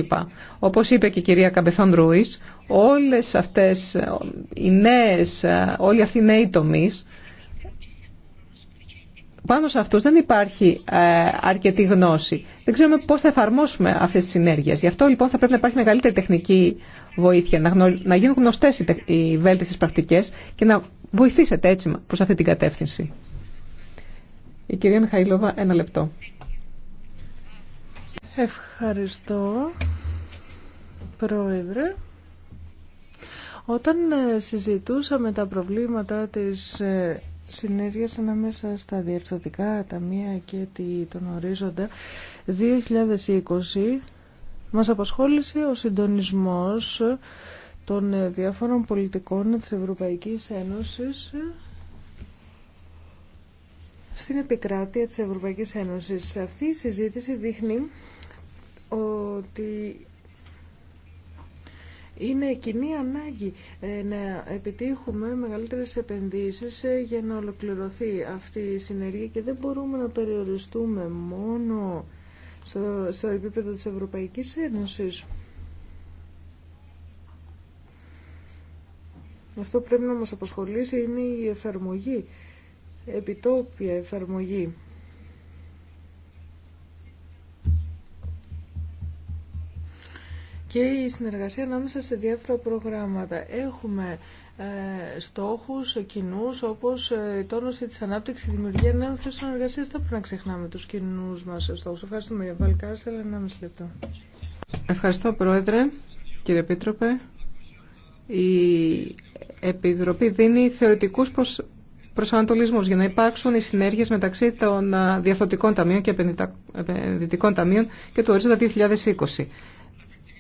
Όπως είπε και η κυρία Καμπεθόν Ρούις, όλες αυτές ε, οι νέες, ε, όλοι αυτοί οι νέοι τομείς πάνω σε αυτούς δεν υπάρχει ε, αρκετή γνώση. Δεν ξέρουμε πώς θα εφαρμόσουμε αυτές τις συνέργειες. Γι' αυτό λοιπόν θα πρέπει να υπάρχει μεγαλύτερη τεχνική βοήθεια, να, γίνουν γνωστές οι, βέλτιστες πρακτικές και να βοηθήσετε έτσι προς αυτή την κατεύθυνση. Η κυρία Μιχαήλωβα, ένα λεπτό. Ευχαριστώ, Πρόεδρε. Όταν ε, συζητούσαμε τα προβλήματα της ε, συνέργειες ανάμεσα στα διευθυντικά ταμεία και τον ορίζοντα 2020 μας απασχόλησε ο συντονισμός των διάφορων πολιτικών της Ευρωπαϊκής Ένωσης στην επικράτεια της Ευρωπαϊκής Ένωσης. Αυτή η συζήτηση δείχνει ότι είναι κοινή ανάγκη ε, να επιτύχουμε μεγαλύτερες επενδύσεις ε, για να ολοκληρωθεί αυτή η συνεργία και δεν μπορούμε να περιοριστούμε μόνο στο, επίπεδο της Ευρωπαϊκής Ένωσης. Αυτό πρέπει να μας αποσχολήσει είναι η εφαρμογή, επιτόπια εφαρμογή. και η συνεργασία ανάμεσα σε διάφορα προγράμματα. Έχουμε ε, στόχους κοινού, όπως ε, η τόνωση της ανάπτυξης και η δημιουργία νέων θέσεων εργασίας. Δεν πρέπει να ξεχνάμε τους κοινού μας στόχους. Ευχαριστούμε για κάρτα, αλλά ένα μισή λεπτό. Ευχαριστώ Πρόεδρε, κύριε Επίτροπε. Η Επιτροπή δίνει θεωρητικούς προς προσανατολισμούς για να υπάρξουν οι συνέργειες μεταξύ των διαθωτικών ταμείων και επενδυτικών ταμείων και του ορίζοντα 2020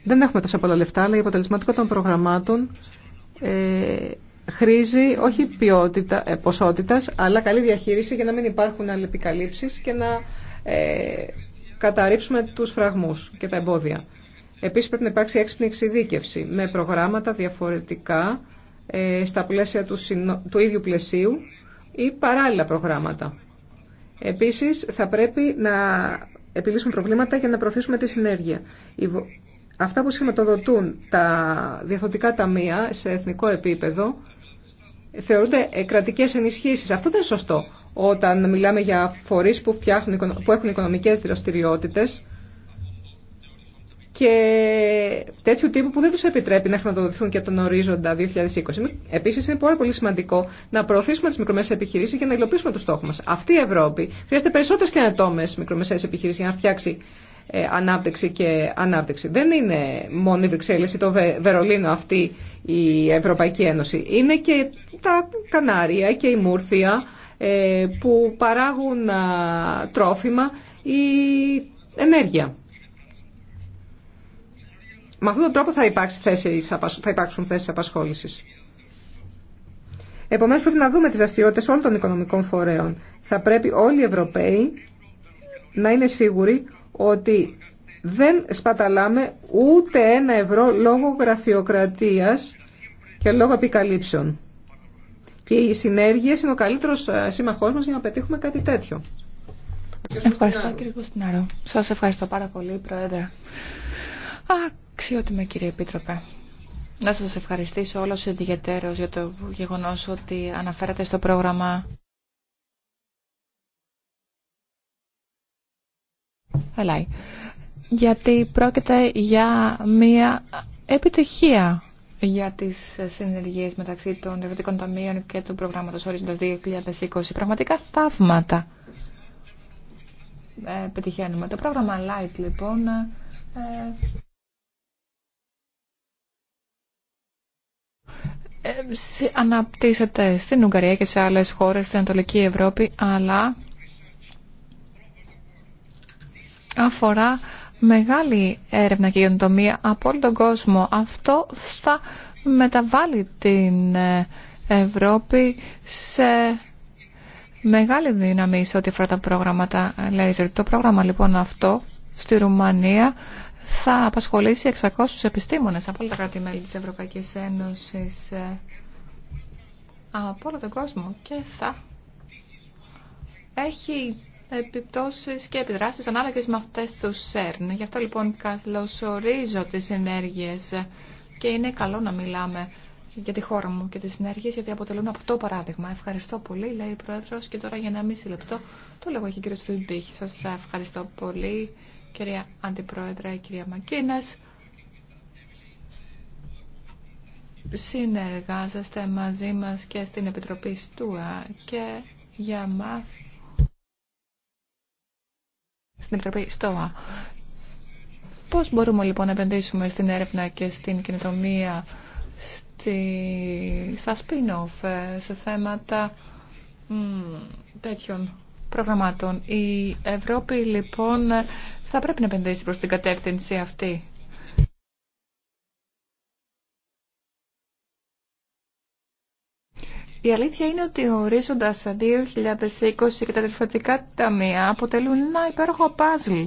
δεν έχουμε τόσα πολλά λεφτά, αλλά η αποτελεσματικότητα των προγραμμάτων ε, χρήζει όχι ποιότητα, ε, ποσότητας, αλλά καλή διαχείριση για να μην υπάρχουν αλληλεπικαλύψεις και να ε, καταρρύψουμε τους φραγμούς και τα εμπόδια. Επίσης πρέπει να υπάρξει έξυπνη εξειδίκευση με προγράμματα διαφορετικά ε, στα πλαίσια του, του ίδιου πλαισίου ή παράλληλα προγράμματα. Επίσης θα πρέπει να επιλύσουμε προβλήματα για να προωθήσουμε τη συνέργεια αυτά που σχηματοδοτούν τα διεθνωτικά ταμεία σε εθνικό επίπεδο θεωρούνται κρατικέ ενισχύσει. Αυτό δεν είναι σωστό. Όταν μιλάμε για φορεί που, που έχουν οικονομικέ δραστηριότητε και τέτοιου τύπου που δεν του επιτρέπει να χρηματοδοτηθούν και τον ορίζοντα 2020. Επίση, είναι πάρα πολύ σημαντικό να προωθήσουμε τι μικρομεσαίε επιχειρήσει για να υλοποιήσουμε τους στόχους μα. Αυτή η Ευρώπη χρειάζεται περισσότερε καινοτόμε μικρομεσαίε επιχειρήσει για να φτιάξει ε, ανάπτυξη και ανάπτυξη. Δεν είναι μόνο η Βρυξέλλες ή το Βερολίνο αυτή η Ευρωπαϊκή Ένωση. Είναι και τα Κανάρια και η Μούρθια ε, που παράγουν τρόφιμα ή ενέργεια. Με αυτόν τον τρόπο θα, υπάρξει θέσεις, θα υπάρξουν θέσεις απασχόλησης. Επομένως πρέπει να δούμε τις δραστηριότητε όλων των οικονομικών φορέων. Θα πρέπει όλοι οι Ευρωπαίοι να είναι σίγουροι ότι δεν σπαταλάμε ούτε ένα ευρώ λόγω γραφειοκρατίας και λόγω επικαλύψεων. Και οι συνέργειες είναι ο καλύτερος ε, σύμμαχός μας για να πετύχουμε κάτι τέτοιο. Ευχαριστώ κύριε Κουστινάρο. Σας ευχαριστώ πάρα πολύ Πρόεδρε. Αξιότιμε κύριε Επίτροπε. Να σας ευχαριστήσω όλος ιδιαιτέρως για το γεγονός ότι αναφέρατε στο πρόγραμμα Γιατί πρόκειται για μια επιτυχία για τις συνεργίες μεταξύ των ευρωτικών Ταμείων και του προγράμματος Ορίζοντας 2020. Πραγματικά θαύματα ε, πετυχαίνουμε. Το πρόγραμμα Light λοιπόν ε, ε, αναπτύσσεται στην Ουγγαρία και σε άλλες χώρες στην Ανατολική Ευρώπη, αλλά αφορά μεγάλη έρευνα και γενοτομία από όλο τον κόσμο. Αυτό θα μεταβάλει την ε, Ευρώπη σε μεγάλη δύναμη σε ό,τι αφορά τα πρόγραμματα laser. Το πρόγραμμα λοιπόν αυτό στη Ρουμανία θα απασχολήσει 600 επιστήμονες από όλα τα κράτη-μέλη της Ευρωπαϊκής Ένωσης ε, από όλο τον κόσμο και θα έχει επιπτώσεις και επιδράσεις ανάλογες με αυτές του ΣΕΡΝ. Γι' αυτό λοιπόν καθλωσορίζω τις συνέργειες και είναι καλό να μιλάμε για τη χώρα μου και τις συνέργειες γιατί αποτελούν αυτό παράδειγμα. Ευχαριστώ πολύ, λέει η Πρόεδρος και τώρα για ένα μισή λεπτό το λόγο και ο κύριος Σας ευχαριστώ πολύ κυρία Αντιπρόεδρα, κυρία Μακίνας. Συνεργάζεστε μαζί μας και στην Επιτροπή Στούα και για μας στην Επιτροπή ΣΤΟΑ. Πώς μπορούμε λοιπόν να επενδύσουμε στην έρευνα και στην κινητομία στη, στα spin-off, ε, σε θέματα μ, τέτοιων προγραμμάτων. Η Ευρώπη λοιπόν θα πρέπει να επενδύσει προς την κατεύθυνση αυτή. Η αλήθεια είναι ότι ο ορίζοντα 2020 και τα τελευταία ταμεία αποτελούν ένα υπέροχο παζλ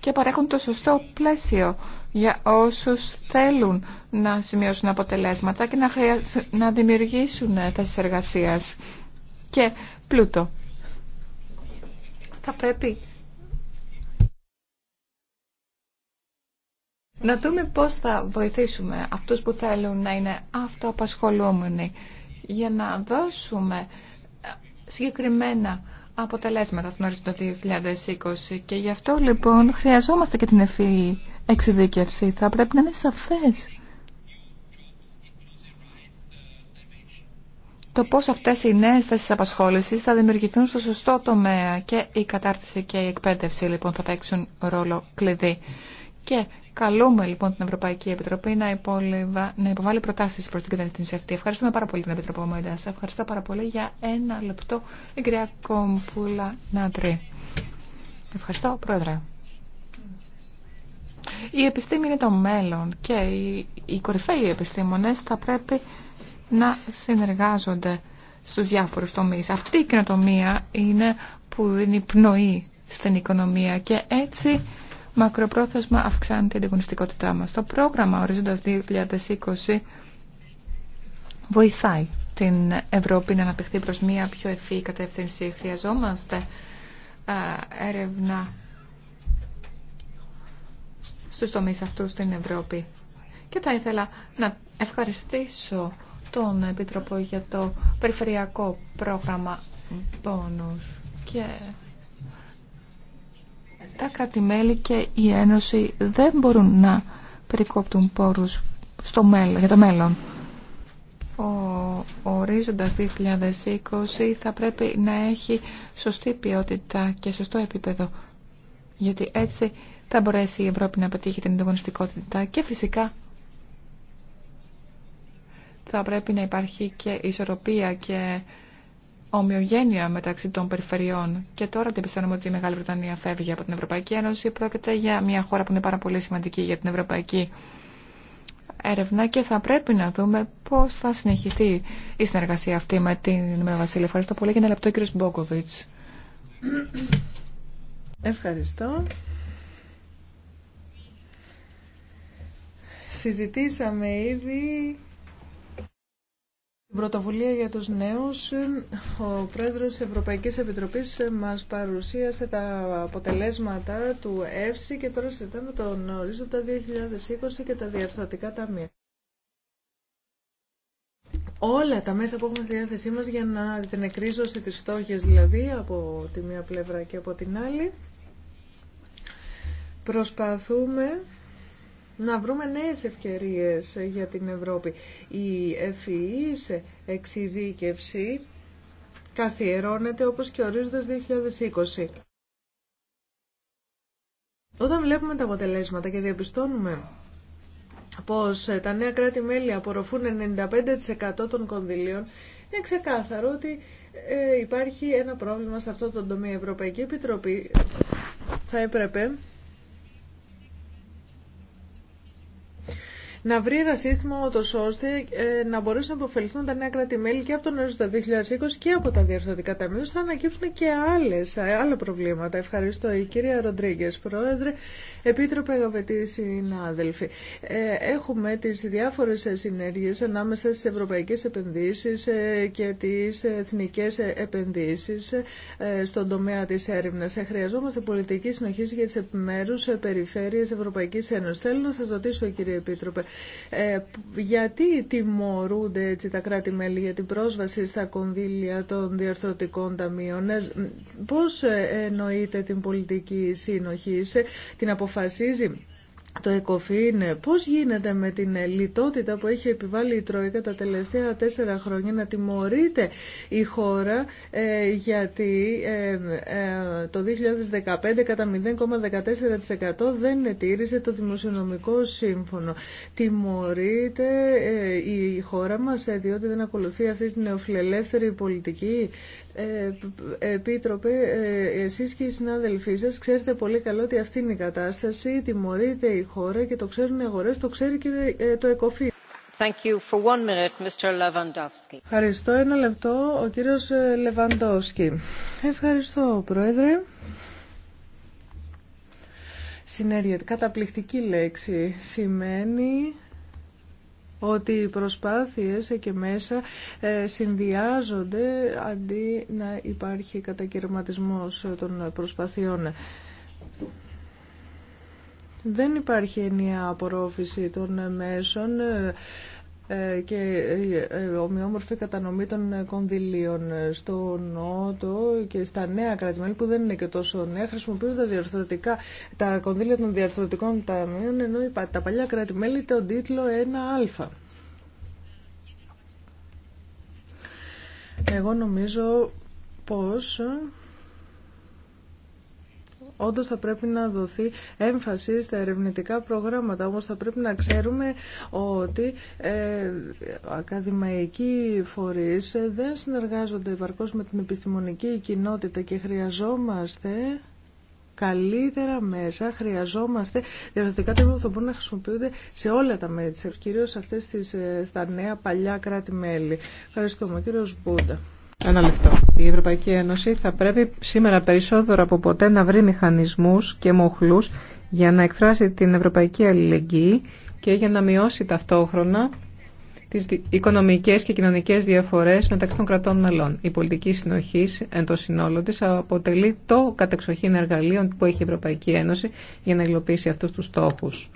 και παρέχουν το σωστό πλαίσιο για όσους θέλουν να σημειώσουν αποτελέσματα και να, να δημιουργήσουν θέσεις εργασίας και πλούτο. Θα πρέπει να δούμε πώς θα βοηθήσουμε αυτούς που θέλουν να είναι αυτοαπασχολούμενοι για να δώσουμε συγκεκριμένα αποτελέσματα στην στον του 2020 και γι' αυτό λοιπόν χρειαζόμαστε και την ευφυή εξειδίκευση. Θα πρέπει να είναι σαφές το πώς αυτές οι νέες θέσεις απασχόλησης θα δημιουργηθούν στο σωστό τομέα και η κατάρτιση και η εκπαίδευση λοιπόν θα παίξουν ρόλο κλειδί. Και Καλούμε λοιπόν την Ευρωπαϊκή Επιτροπή να, υπόλυβα, να υποβάλει προτάσει προ την κατεύθυνση αυτή. Ευχαριστούμε πάρα πολύ την Επιτροπή Μόντα. Ευχαριστώ πάρα πολύ για ένα λεπτό, η κυρία Κόμπουλα Νάτρη. Ευχαριστώ, Πρόεδρε. Η επιστήμη είναι το μέλλον και οι, οι κορυφαίοι επιστήμονες θα πρέπει να συνεργάζονται στους διάφορους τομείς. Αυτή η κοινοτομία είναι που δίνει πνοή στην οικονομία και έτσι μακροπρόθεσμα αυξάνει την ανταγωνιστικότητά μας. Το πρόγραμμα Ορίζοντας 2020 βοηθάει την Ευρώπη να αναπτυχθεί προς μία πιο ευφύ κατεύθυνση. Χρειαζόμαστε έρευνα στους τομείς αυτού στην Ευρώπη. Και θα ήθελα να ευχαριστήσω τον Επιτροπό για το περιφερειακό πρόγραμμα πόνους. και τα κρατημέλη και η Ένωση δεν μπορούν να περικόπτουν πόρους στο μέλλον, για το μέλλον. Ο ορίζοντας 2020 θα πρέπει να έχει σωστή ποιότητα και σωστό επίπεδο. Γιατί έτσι θα μπορέσει η Ευρώπη να πετύχει την ανταγωνιστικότητα και φυσικά θα πρέπει να υπάρχει και ισορροπία και ομοιογένεια μεταξύ των περιφερειών και τώρα πιστεύουμε ότι η Μεγάλη Βρετανία φεύγει από την Ευρωπαϊκή Ένωση. Πρόκειται για μια χώρα που είναι πάρα πολύ σημαντική για την Ευρωπαϊκή έρευνα και θα πρέπει να δούμε πώς θα συνεχιστεί η συνεργασία αυτή με την με Βασίλη. Ευχαριστώ πολύ και ένα λεπτό κύριο Μπόκοβιτ. Ευχαριστώ. Συζητήσαμε ήδη Πρωτοβουλία για τους νέους. Ο πρόεδρος της Ευρωπαϊκής Επιτροπής μας παρουσίασε τα αποτελέσματα του ΕΦΣΙ και τώρα συζητάμε τον ορίζοντα 2020 και τα διαρθρωτικά ταμεία. Όλα τα μέσα που έχουμε στη διάθεσή μας για να την εκρίζωση τις στόχους, δηλαδή από τη μία πλευρά και από την άλλη. Προσπαθούμε να βρούμε νέες ευκαιρίες για την Ευρώπη. Η ευφυής e εξειδίκευση καθιερώνεται όπως και ορίζοντας 2020. Όταν βλέπουμε τα αποτελέσματα και διαπιστώνουμε πως τα νέα κράτη-μέλη απορροφούν 95% των κονδυλίων, είναι ξεκάθαρο ότι ε, υπάρχει ένα πρόβλημα σε αυτό το τομέα. Η Ευρωπαϊκή Επιτροπή θα έπρεπε να βρει ένα σύστημα ότως ώστε ε, να μπορέσουν να υποφεληθούν τα νέα κράτη-μέλη και από τον του 2020 και από τα διαρθρωτικά ταμεία. Θα ανακύψουν και άλλες, ε, άλλα προβλήματα. Ευχαριστώ η κυρία Ροντρίγκε, Πρόεδρε, Επίτροπε, αγαπητοί συνάδελφοι. Ε, έχουμε τις διάφορες συνέργειες ανάμεσα στις ευρωπαϊκές επενδύσεις και τις εθνικές επενδύσεις στον τομέα της έρευνας. Χρειαζόμαστε πολιτική συνοχή για τις επιμέρους περιφέρειες Ευρωπαϊκής Ένωση. Θέλω να σας ρωτήσω, κύριε Επίτροπε, ε, γιατί τιμωρούνται έτσι τα κράτη-μέλη για την πρόσβαση στα κονδύλια των διορθωτικών ταμείων. Ε, πώς ε, εννοείται την πολιτική σύνοχη, την αποφασίζει το είναι πώς γίνεται με την λιτότητα που έχει επιβάλει η Τρόικα τα τελευταία τέσσερα χρόνια να τιμωρείται η χώρα ε, γιατί ε, ε, το 2015 κατά 0,14% δεν τήρησε το δημοσιονομικό σύμφωνο. Τιμωρείται η χώρα μας διότι δεν ακολουθεί αυτή την νεοφιλελεύθερη πολιτική. Ε, επίτροπε, ε, εσείς και οι συνάδελφοί σας ξέρετε πολύ καλό ότι αυτή είναι η κατάσταση, τιμωρείται η χώρα και το ξέρουν οι αγορές, το ξέρει και ε, το ΕΚΟΦΗ. Thank you for one minute, Mr. Ευχαριστώ. Ένα λεπτό, ο κύριος Λεβαντόσκι. Ευχαριστώ, Πρόεδρε. Συνέργεια, καταπληκτική λέξη σημαίνει ότι οι προσπάθειες και μέσα ε, συνδυάζονται αντί να υπάρχει κατακαιρματισμός των προσπαθειών. Δεν υπάρχει ενιαία απορρόφηση των μέσων ε, ε, και ε, ε, ομοιόμορφη κατανομή των κονδυλίων στο Νότο και στα νέα που δεν είναι και τόσο νέα χρησιμοποιούν τα τα κονδύλια των διαρθρωτικών ταμείων ενώ τα παλιά κράτη-μέλη τον τίτλο 1α. Εγώ νομίζω πως Όντω θα πρέπει να δοθεί έμφαση στα ερευνητικά προγράμματα, όμω θα πρέπει να ξέρουμε ότι ε, ακαδημαϊκοί φορεί δεν συνεργάζονται επαρκώ με την επιστημονική κοινότητα και χρειαζόμαστε καλύτερα μέσα, χρειαζόμαστε διαδοτικά τμήματα που θα μπορούν να χρησιμοποιούνται σε όλα τα μέρη της, κυρίως αυτές τις, ε, τα νέα παλιά κράτη-μέλη. Ευχαριστούμε. Κύριος Μπούντα. Η Ευρωπαϊκή Ένωση θα πρέπει σήμερα περισσότερο από ποτέ να βρει μηχανισμούς και μοχλούς για να εκφράσει την ευρωπαϊκή αλληλεγγύη και για να μειώσει ταυτόχρονα τις οικονομικές και κοινωνικές διαφορές μεταξύ των κρατών μελών. Η πολιτική συνοχή εν το συνόλο της αποτελεί το κατεξοχήν εργαλείο που έχει η Ευρωπαϊκή Ένωση για να υλοποιήσει αυτούς τους στόχους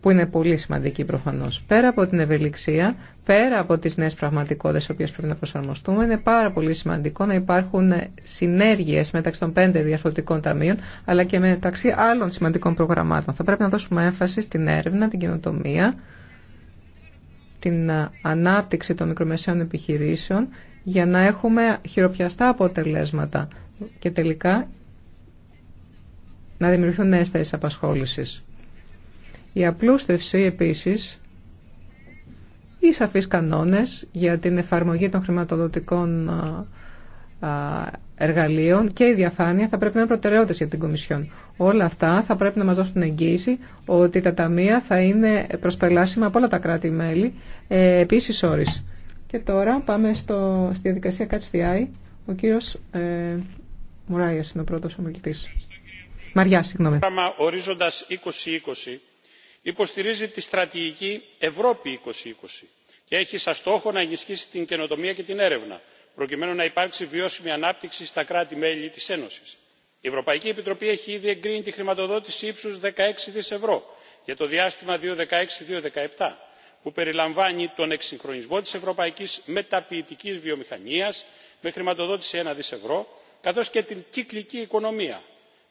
που είναι πολύ σημαντική προφανώ. Πέρα από την ευελιξία, πέρα από τι νέε πραγματικότητε στις οποίε πρέπει να προσαρμοστούμε, είναι πάρα πολύ σημαντικό να υπάρχουν συνέργειε μεταξύ των πέντε διαφορετικών ταμείων, αλλά και μεταξύ άλλων σημαντικών προγραμμάτων. Θα πρέπει να δώσουμε έμφαση στην έρευνα, την καινοτομία, την ανάπτυξη των μικρομεσαίων επιχειρήσεων, για να έχουμε χειροπιαστά αποτελέσματα και τελικά να δημιουργηθούν νέε θέσει απασχόληση. Η απλούστευση επίσης ή σαφείς κανόνες για την εφαρμογή των χρηματοδοτικών εργαλείων και η διαφάνεια θα πρέπει να είναι προτεραιότητες για την Κομισιόν. Όλα αυτά θα πρέπει να μας δώσουν εγγύηση ότι τα ταμεία θα είναι προσπελάσιμα από όλα τα κράτη-μέλη ε, επίσης όρις. Και τώρα πάμε στο, στη διαδικασία Catch the Ο κύριος ε, Μουράγιας είναι ο πρώτος ομιλητή. Μαριά, συγγνώμη. Ορίζοντας 2020 υποστηρίζει τη στρατηγική ευρώπη 2020 και έχει σαν στόχο να ενισχύσει την καινοτομία και την έρευνα προκειμένου να υπάρξει βιώσιμη ανάπτυξη στα κράτη μέλη της ένωσης. η ευρωπαϊκή επιτροπή έχει ήδη εγκρίνει τη χρηματοδότηση ύψους 16 δις ευρώ για το διάστημα 2016 2017 που περιλαμβάνει τον εξυγχρονισμό της ευρωπαϊκής μεταποιητικής βιομηχανίας με χρηματοδότηση 1 δις ευρώ καθώς και την κυκλική οικονομία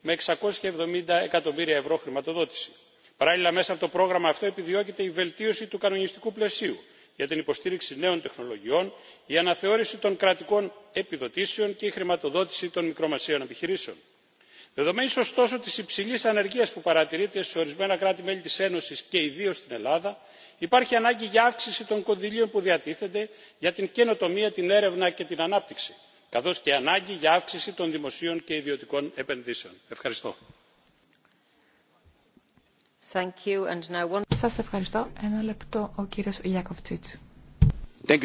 με 670 εκατομμύρια ευρώ χρηματοδότηση παράλληλα μέσα από το πρόγραμμα αυτό επιδιώκεται η βελτίωση του κανονιστικού πλαισίου για την υποστήριξη νέων τεχνολογιών η αναθεώρηση των κρατικών επιδοτήσεων και η χρηματοδότηση των μικρομεσαίων επιχειρήσεων. δεδομένη ωστόσο τη υψηλή ανεργία που παρατηρείται σε ορισμένα κράτη μέλη τη ένωση και ιδίω στην ελλάδα υπάρχει ανάγκη για αύξηση των κονδυλίων που διατίθενται για την καινοτομία την έρευνα και την ανάπτυξη καθώ και ανάγκη για αύξηση των δημοσίων και ιδιωτικών επενδύσεων. ευχαριστώ. Thank Σας ευχαριστώ. Ένα λεπτό ο κύριος Ιακοβτσίτς. Thank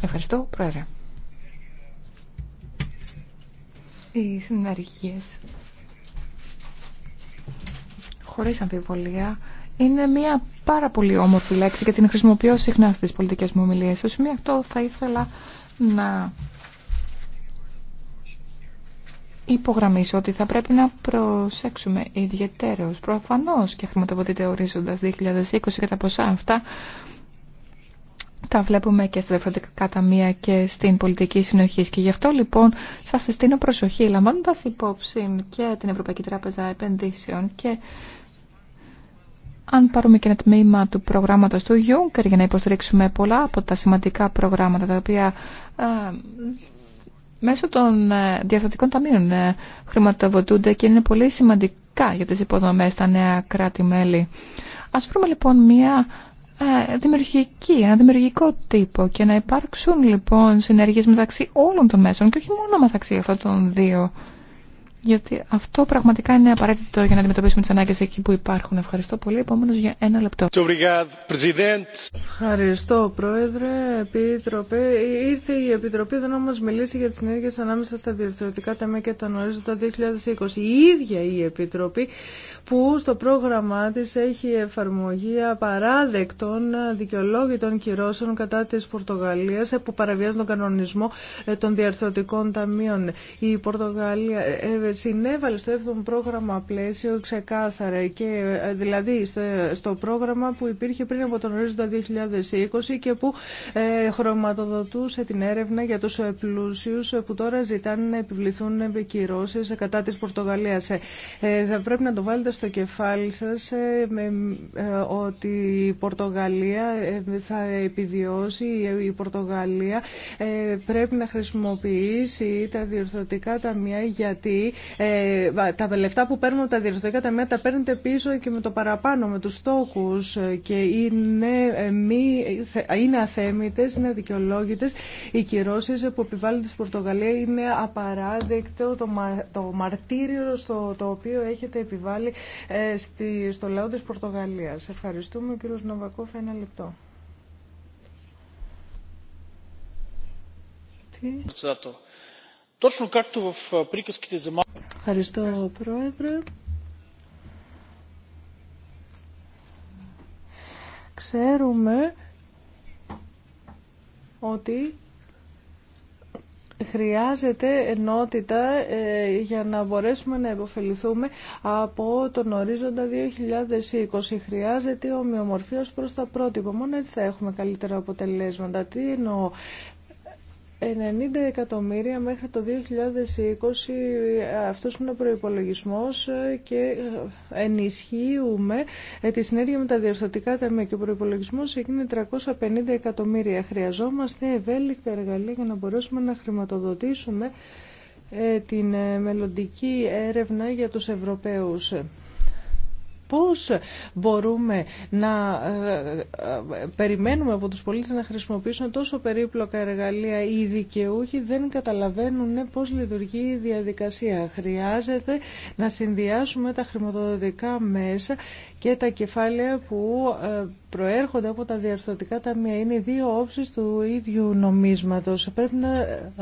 Ευχαριστώ, Πρόεδρε. Οι συνεργίες χωρίς αμφιβολία είναι μια πάρα πολύ όμορφη λέξη και την χρησιμοποιώ συχνά στις πολιτικές μου ομιλίες. Στο σημείο αυτό θα ήθελα να υπογραμμίσω ότι θα πρέπει να προσέξουμε ιδιαιτέρως. Προφανώς και χρηματοδοτείται ορίζοντας 2020 και τα ποσά αυτά τα βλέπουμε και στα διαφορετικά ταμεία και στην πολιτική συνοχή. Και γι' αυτό λοιπόν θα συστήνω προσοχή, λαμβάνοντα υπόψη και την Ευρωπαϊκή Τράπεζα Επενδύσεων και αν πάρουμε και ένα τμήμα του προγράμματος του Juncker για να υποστηρίξουμε πολλά από τα σημαντικά προγράμματα τα οποία ε, μέσω των ε, διαθετικών ταμείων ε, χρηματοδοτούνται και είναι πολύ σημαντικά για τις υποδομές στα νέα κράτη-μέλη. Ας βρούμε λοιπόν μια ε, δημιουργική, ένα δημιουργικό τύπο και να υπάρξουν λοιπόν συνεργίες μεταξύ όλων των μέσων και όχι μόνο μεταξύ αυτών των δύο γιατί αυτό πραγματικά είναι απαραίτητο για να αντιμετωπίσουμε τις ανάγκες εκεί που υπάρχουν. Ευχαριστώ πολύ. Επόμενο για ένα λεπτό. Ευχαριστώ, Πρόεδρε, Επίτροπε. Ήρθε η Επιτροπή εδώ να μα μιλήσει για τι συνέργειε ανάμεσα στα διευθυντικά ταμεία και τον ορίζοντα 2020. Η ίδια η Επιτροπή που στο πρόγραμμά τη έχει εφαρμογή απαράδεκτων δικαιολόγητων κυρώσεων κατά τη Πορτογαλία που παραβιάζουν τον κανονισμό ε, των διαρθρωτικών ταμείων. Η Πορτογαλία ε, συνέβαλε στο 7ο πρόγραμμα πλαίσιο ξεκάθαρα και ε, δηλαδή στο πρόγραμμα που υπήρχε πριν από τον ορίζοντα 2020 και που ε, χρωματοδοτούσε την έρευνα για τους πλούσιους που τώρα ζητάνε να επιβληθούν επικυρώσεις κατά της Πορτογαλίας. Ε, θα πρέπει να το βάλετε στο κεφάλι σας ότι η Πορτογαλία θα επιβιώσει, η Πορτογαλία πρέπει να χρησιμοποιήσει τα διορθωτικά ταμεία γιατί ε, τα λεφτά που παίρνουν από τα διευθυντικά ταμεία τα παίρνετε πίσω και με το παραπάνω, με τους στόχους ε, και είναι, ε, μη, είναι αθέμητες, είναι αδικαιολόγητες. Οι κυρώσεις που επιβάλλονται στην Πορτογαλία είναι απαράδεκτο το, το μαρτύριο στο το οποίο έχετε επιβάλει στη, στο λαό της Πορτογαλίας. Ευχαριστούμε ο κύριος Νοβακόφ ένα λεπτό. Τι? Ευχαριστώ, Πρόεδρε. Ξέρουμε ότι χρειάζεται ενότητα ε, για να μπορέσουμε να υποφεληθούμε από τον ορίζοντα 2020. Χρειάζεται ομοιομορφία προς τα πρότυπα. Μόνο έτσι θα έχουμε καλύτερα αποτελέσματα. Τι εννοώ. 90 εκατομμύρια μέχρι το 2020 αυτός είναι ο προϋπολογισμός και ενισχύουμε ε, τη συνέργεια με τα διορθωτικά ταμεία και ο προϋπολογισμός εκείνη 350 εκατομμύρια. Χρειαζόμαστε ευέλικτα εργαλεία για να μπορέσουμε να χρηματοδοτήσουμε ε, την ε, μελλοντική έρευνα για τους Ευρωπαίους. Πώς μπορούμε να ε, ε, ε, περιμένουμε από τους πολίτες να χρησιμοποιήσουν τόσο περίπλοκα εργαλεία οι δικαιούχοι δεν καταλαβαίνουν πώς λειτουργεί η διαδικασία. Χρειάζεται να συνδυάσουμε τα χρηματοδοτικά μέσα και τα κεφάλαια που ε, προέρχονται από τα διαρθρωτικά ταμεία. Είναι δύο όψεις του ίδιου νομίσματος. Πρέπει να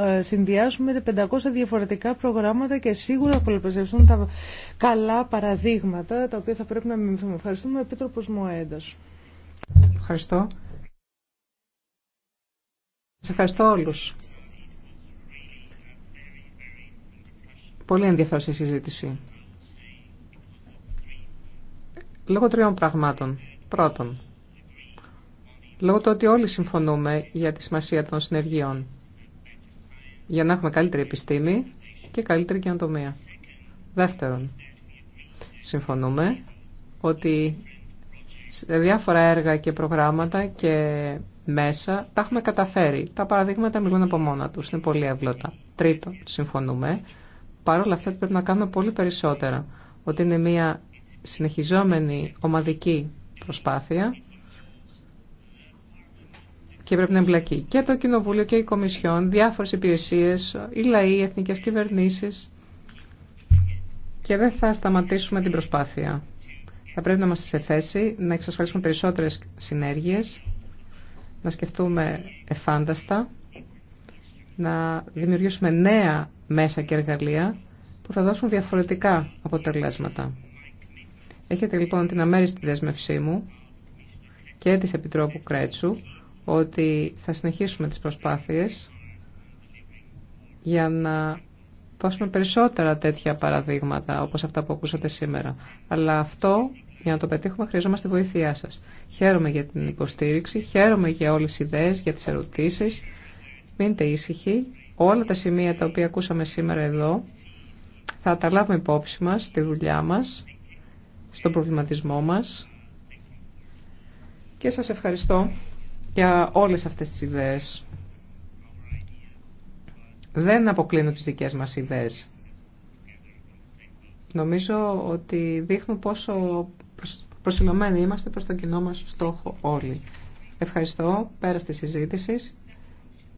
ε, συνδυάσουμε 500 διαφορετικά προγράμματα και σίγουρα πολλαπλασιαστούν τα καλά παραδείγματα τα οποία θα πρέπει να μιμηθούμε. Ευχαριστούμε, Επίτροπος Μοέντας. Ευχαριστώ. Σας ευχαριστώ όλους. Πολύ ενδιαφέρουσα συζήτηση. Λόγω τριών πραγμάτων. Πρώτον, λόγω του ότι όλοι συμφωνούμε για τη σημασία των συνεργειών, για να έχουμε καλύτερη επιστήμη και καλύτερη καινοτομία. Δεύτερον, συμφωνούμε ότι σε διάφορα έργα και προγράμματα και μέσα τα έχουμε καταφέρει. Τα παραδείγματα μιλούν από μόνα τους, είναι πολύ ευλώτα. Τρίτον, συμφωνούμε, παρόλα αυτά πρέπει να κάνουμε πολύ περισσότερα, ότι είναι μια συνεχιζόμενη ομαδική προσπάθεια και πρέπει να εμπλακεί και το Κοινοβούλιο και η Κομισιόν, διάφορες υπηρεσίες, οι λαοί, οι εθνικές κυβερνήσεις και δεν θα σταματήσουμε την προσπάθεια. Θα πρέπει να είμαστε σε θέση να εξασφαλίσουμε περισσότερες συνέργειες, να σκεφτούμε εφάνταστα, να δημιουργήσουμε νέα μέσα και εργαλεία που θα δώσουν διαφορετικά αποτελέσματα. Έχετε λοιπόν την αμέριστη δέσμευσή μου και της Επιτρόπου Κρέτσου ότι θα συνεχίσουμε τις προσπάθειες για να δώσουμε περισσότερα τέτοια παραδείγματα όπως αυτά που ακούσατε σήμερα. Αλλά αυτό για να το πετύχουμε χρειαζόμαστε βοήθειά σας. Χαίρομαι για την υποστήριξη, χαίρομαι για όλες τις ιδέες, για τις ερωτήσεις. Μείνετε ήσυχοι. Όλα τα σημεία τα οποία ακούσαμε σήμερα εδώ θα τα λάβουμε υπόψη μας στη δουλειά μας στον προβληματισμό μας και σας ευχαριστώ για όλες αυτές τις ιδέες. Δεν αποκλίνω τις δικές μας ιδέες. Νομίζω ότι δείχνουν πόσο προσιλωμένοι είμαστε προς τον κοινό μας στόχο όλοι. Ευχαριστώ. Πέρα στη συζήτηση.